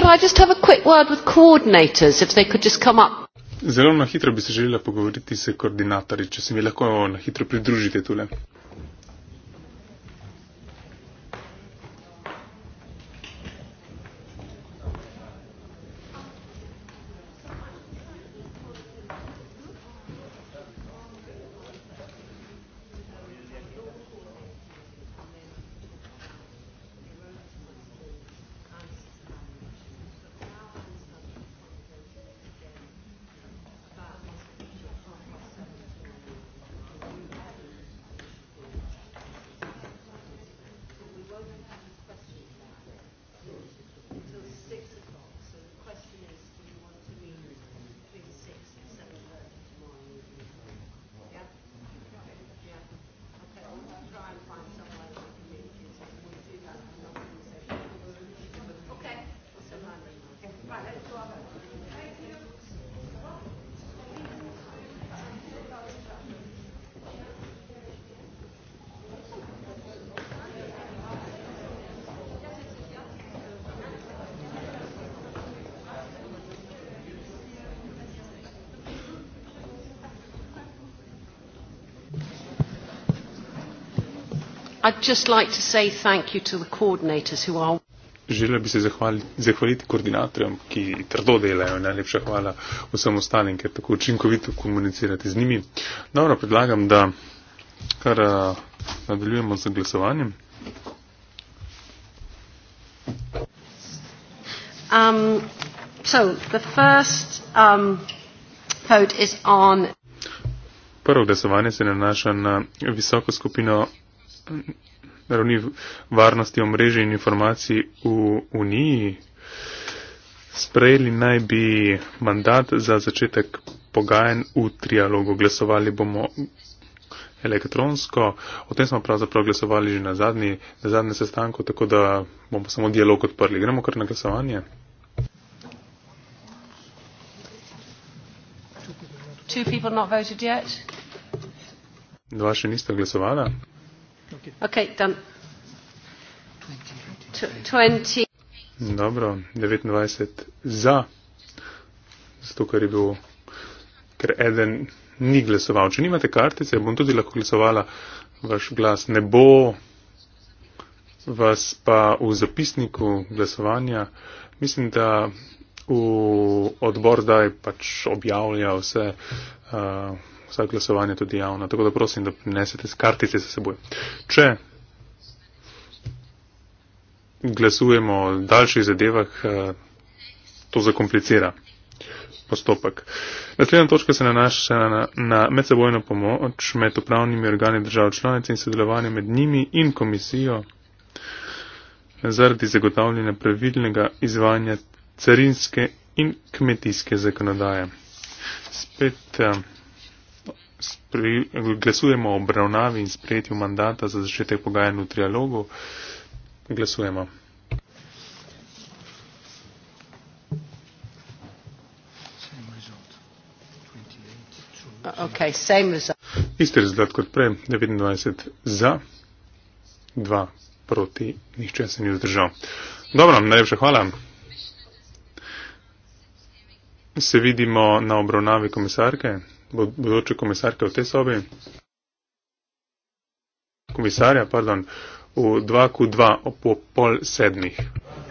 Speaker 2: could I just have a quick word with coordinators if they could just come up?
Speaker 3: Zelo na hitro bi se želela pogovoriti s koordinatorji, če se mi lahko na hitro pridružite tule. I'd
Speaker 2: just like to say thank you to the coordinators who are
Speaker 3: želela bi se zahvaliti, zahvaliti koordinatorjem, ki trdo delajo. Najlepša hvala vsem ostalim, ker tako učinkovito komunicirati z njimi. Dobro, predlagam, da kar eh, nadaljujemo z glasovanjem.
Speaker 1: Um, so the first, um, vote is on
Speaker 3: Prvo glasovanje se nanaša na visoko skupino ravni varnosti omrežja in informacij v Uniji. Sprejeli naj bi mandat za začetek pogajanj v trialogu. Glasovali bomo elektronsko. O tem smo pravzaprav glasovali že na zadnji, na zadnji sestanku, tako da bomo samo dialog odprli. Gremo kar na glasovanje. Dva še niste glasovala? Okay, done. Dobro, 29 za, zato ker je bil, ker eden ni glasoval. Če nimate kartice, bom tudi lahko glasovala, vaš glas ne bo, vas pa v zapisniku glasovanja. Mislim, da v odbor zdaj pač objavlja vse. Uh, vsa glasovanja tudi javna. Tako da prosim, da prinesete kartice za seboj. Če glasujemo o daljših zadevah, eh, to zakomplicira postopek. Naslednja točka se nanaša na, na medsebojno pomoč med upravnimi organi držav članic in sodelovanje med njimi in komisijo zaradi zagotavljanja pravilnega izvajanja carinske in kmetijske zakonodaje. Spet. Uh, spri, glasujemo o obravnavi in sprejetju mandata za začetek pogajanj v trialogu. Glasujemo. Okay, Isti rezultat kot prej, 29 za, 2 proti, nihče se ni zdržal. Dobro, najlepša hvala. Se vidimo na obravnavi komisarke bodoče komisarke v tej sobi. Komisarja, pardon, v 2Q2 po pol sedmih.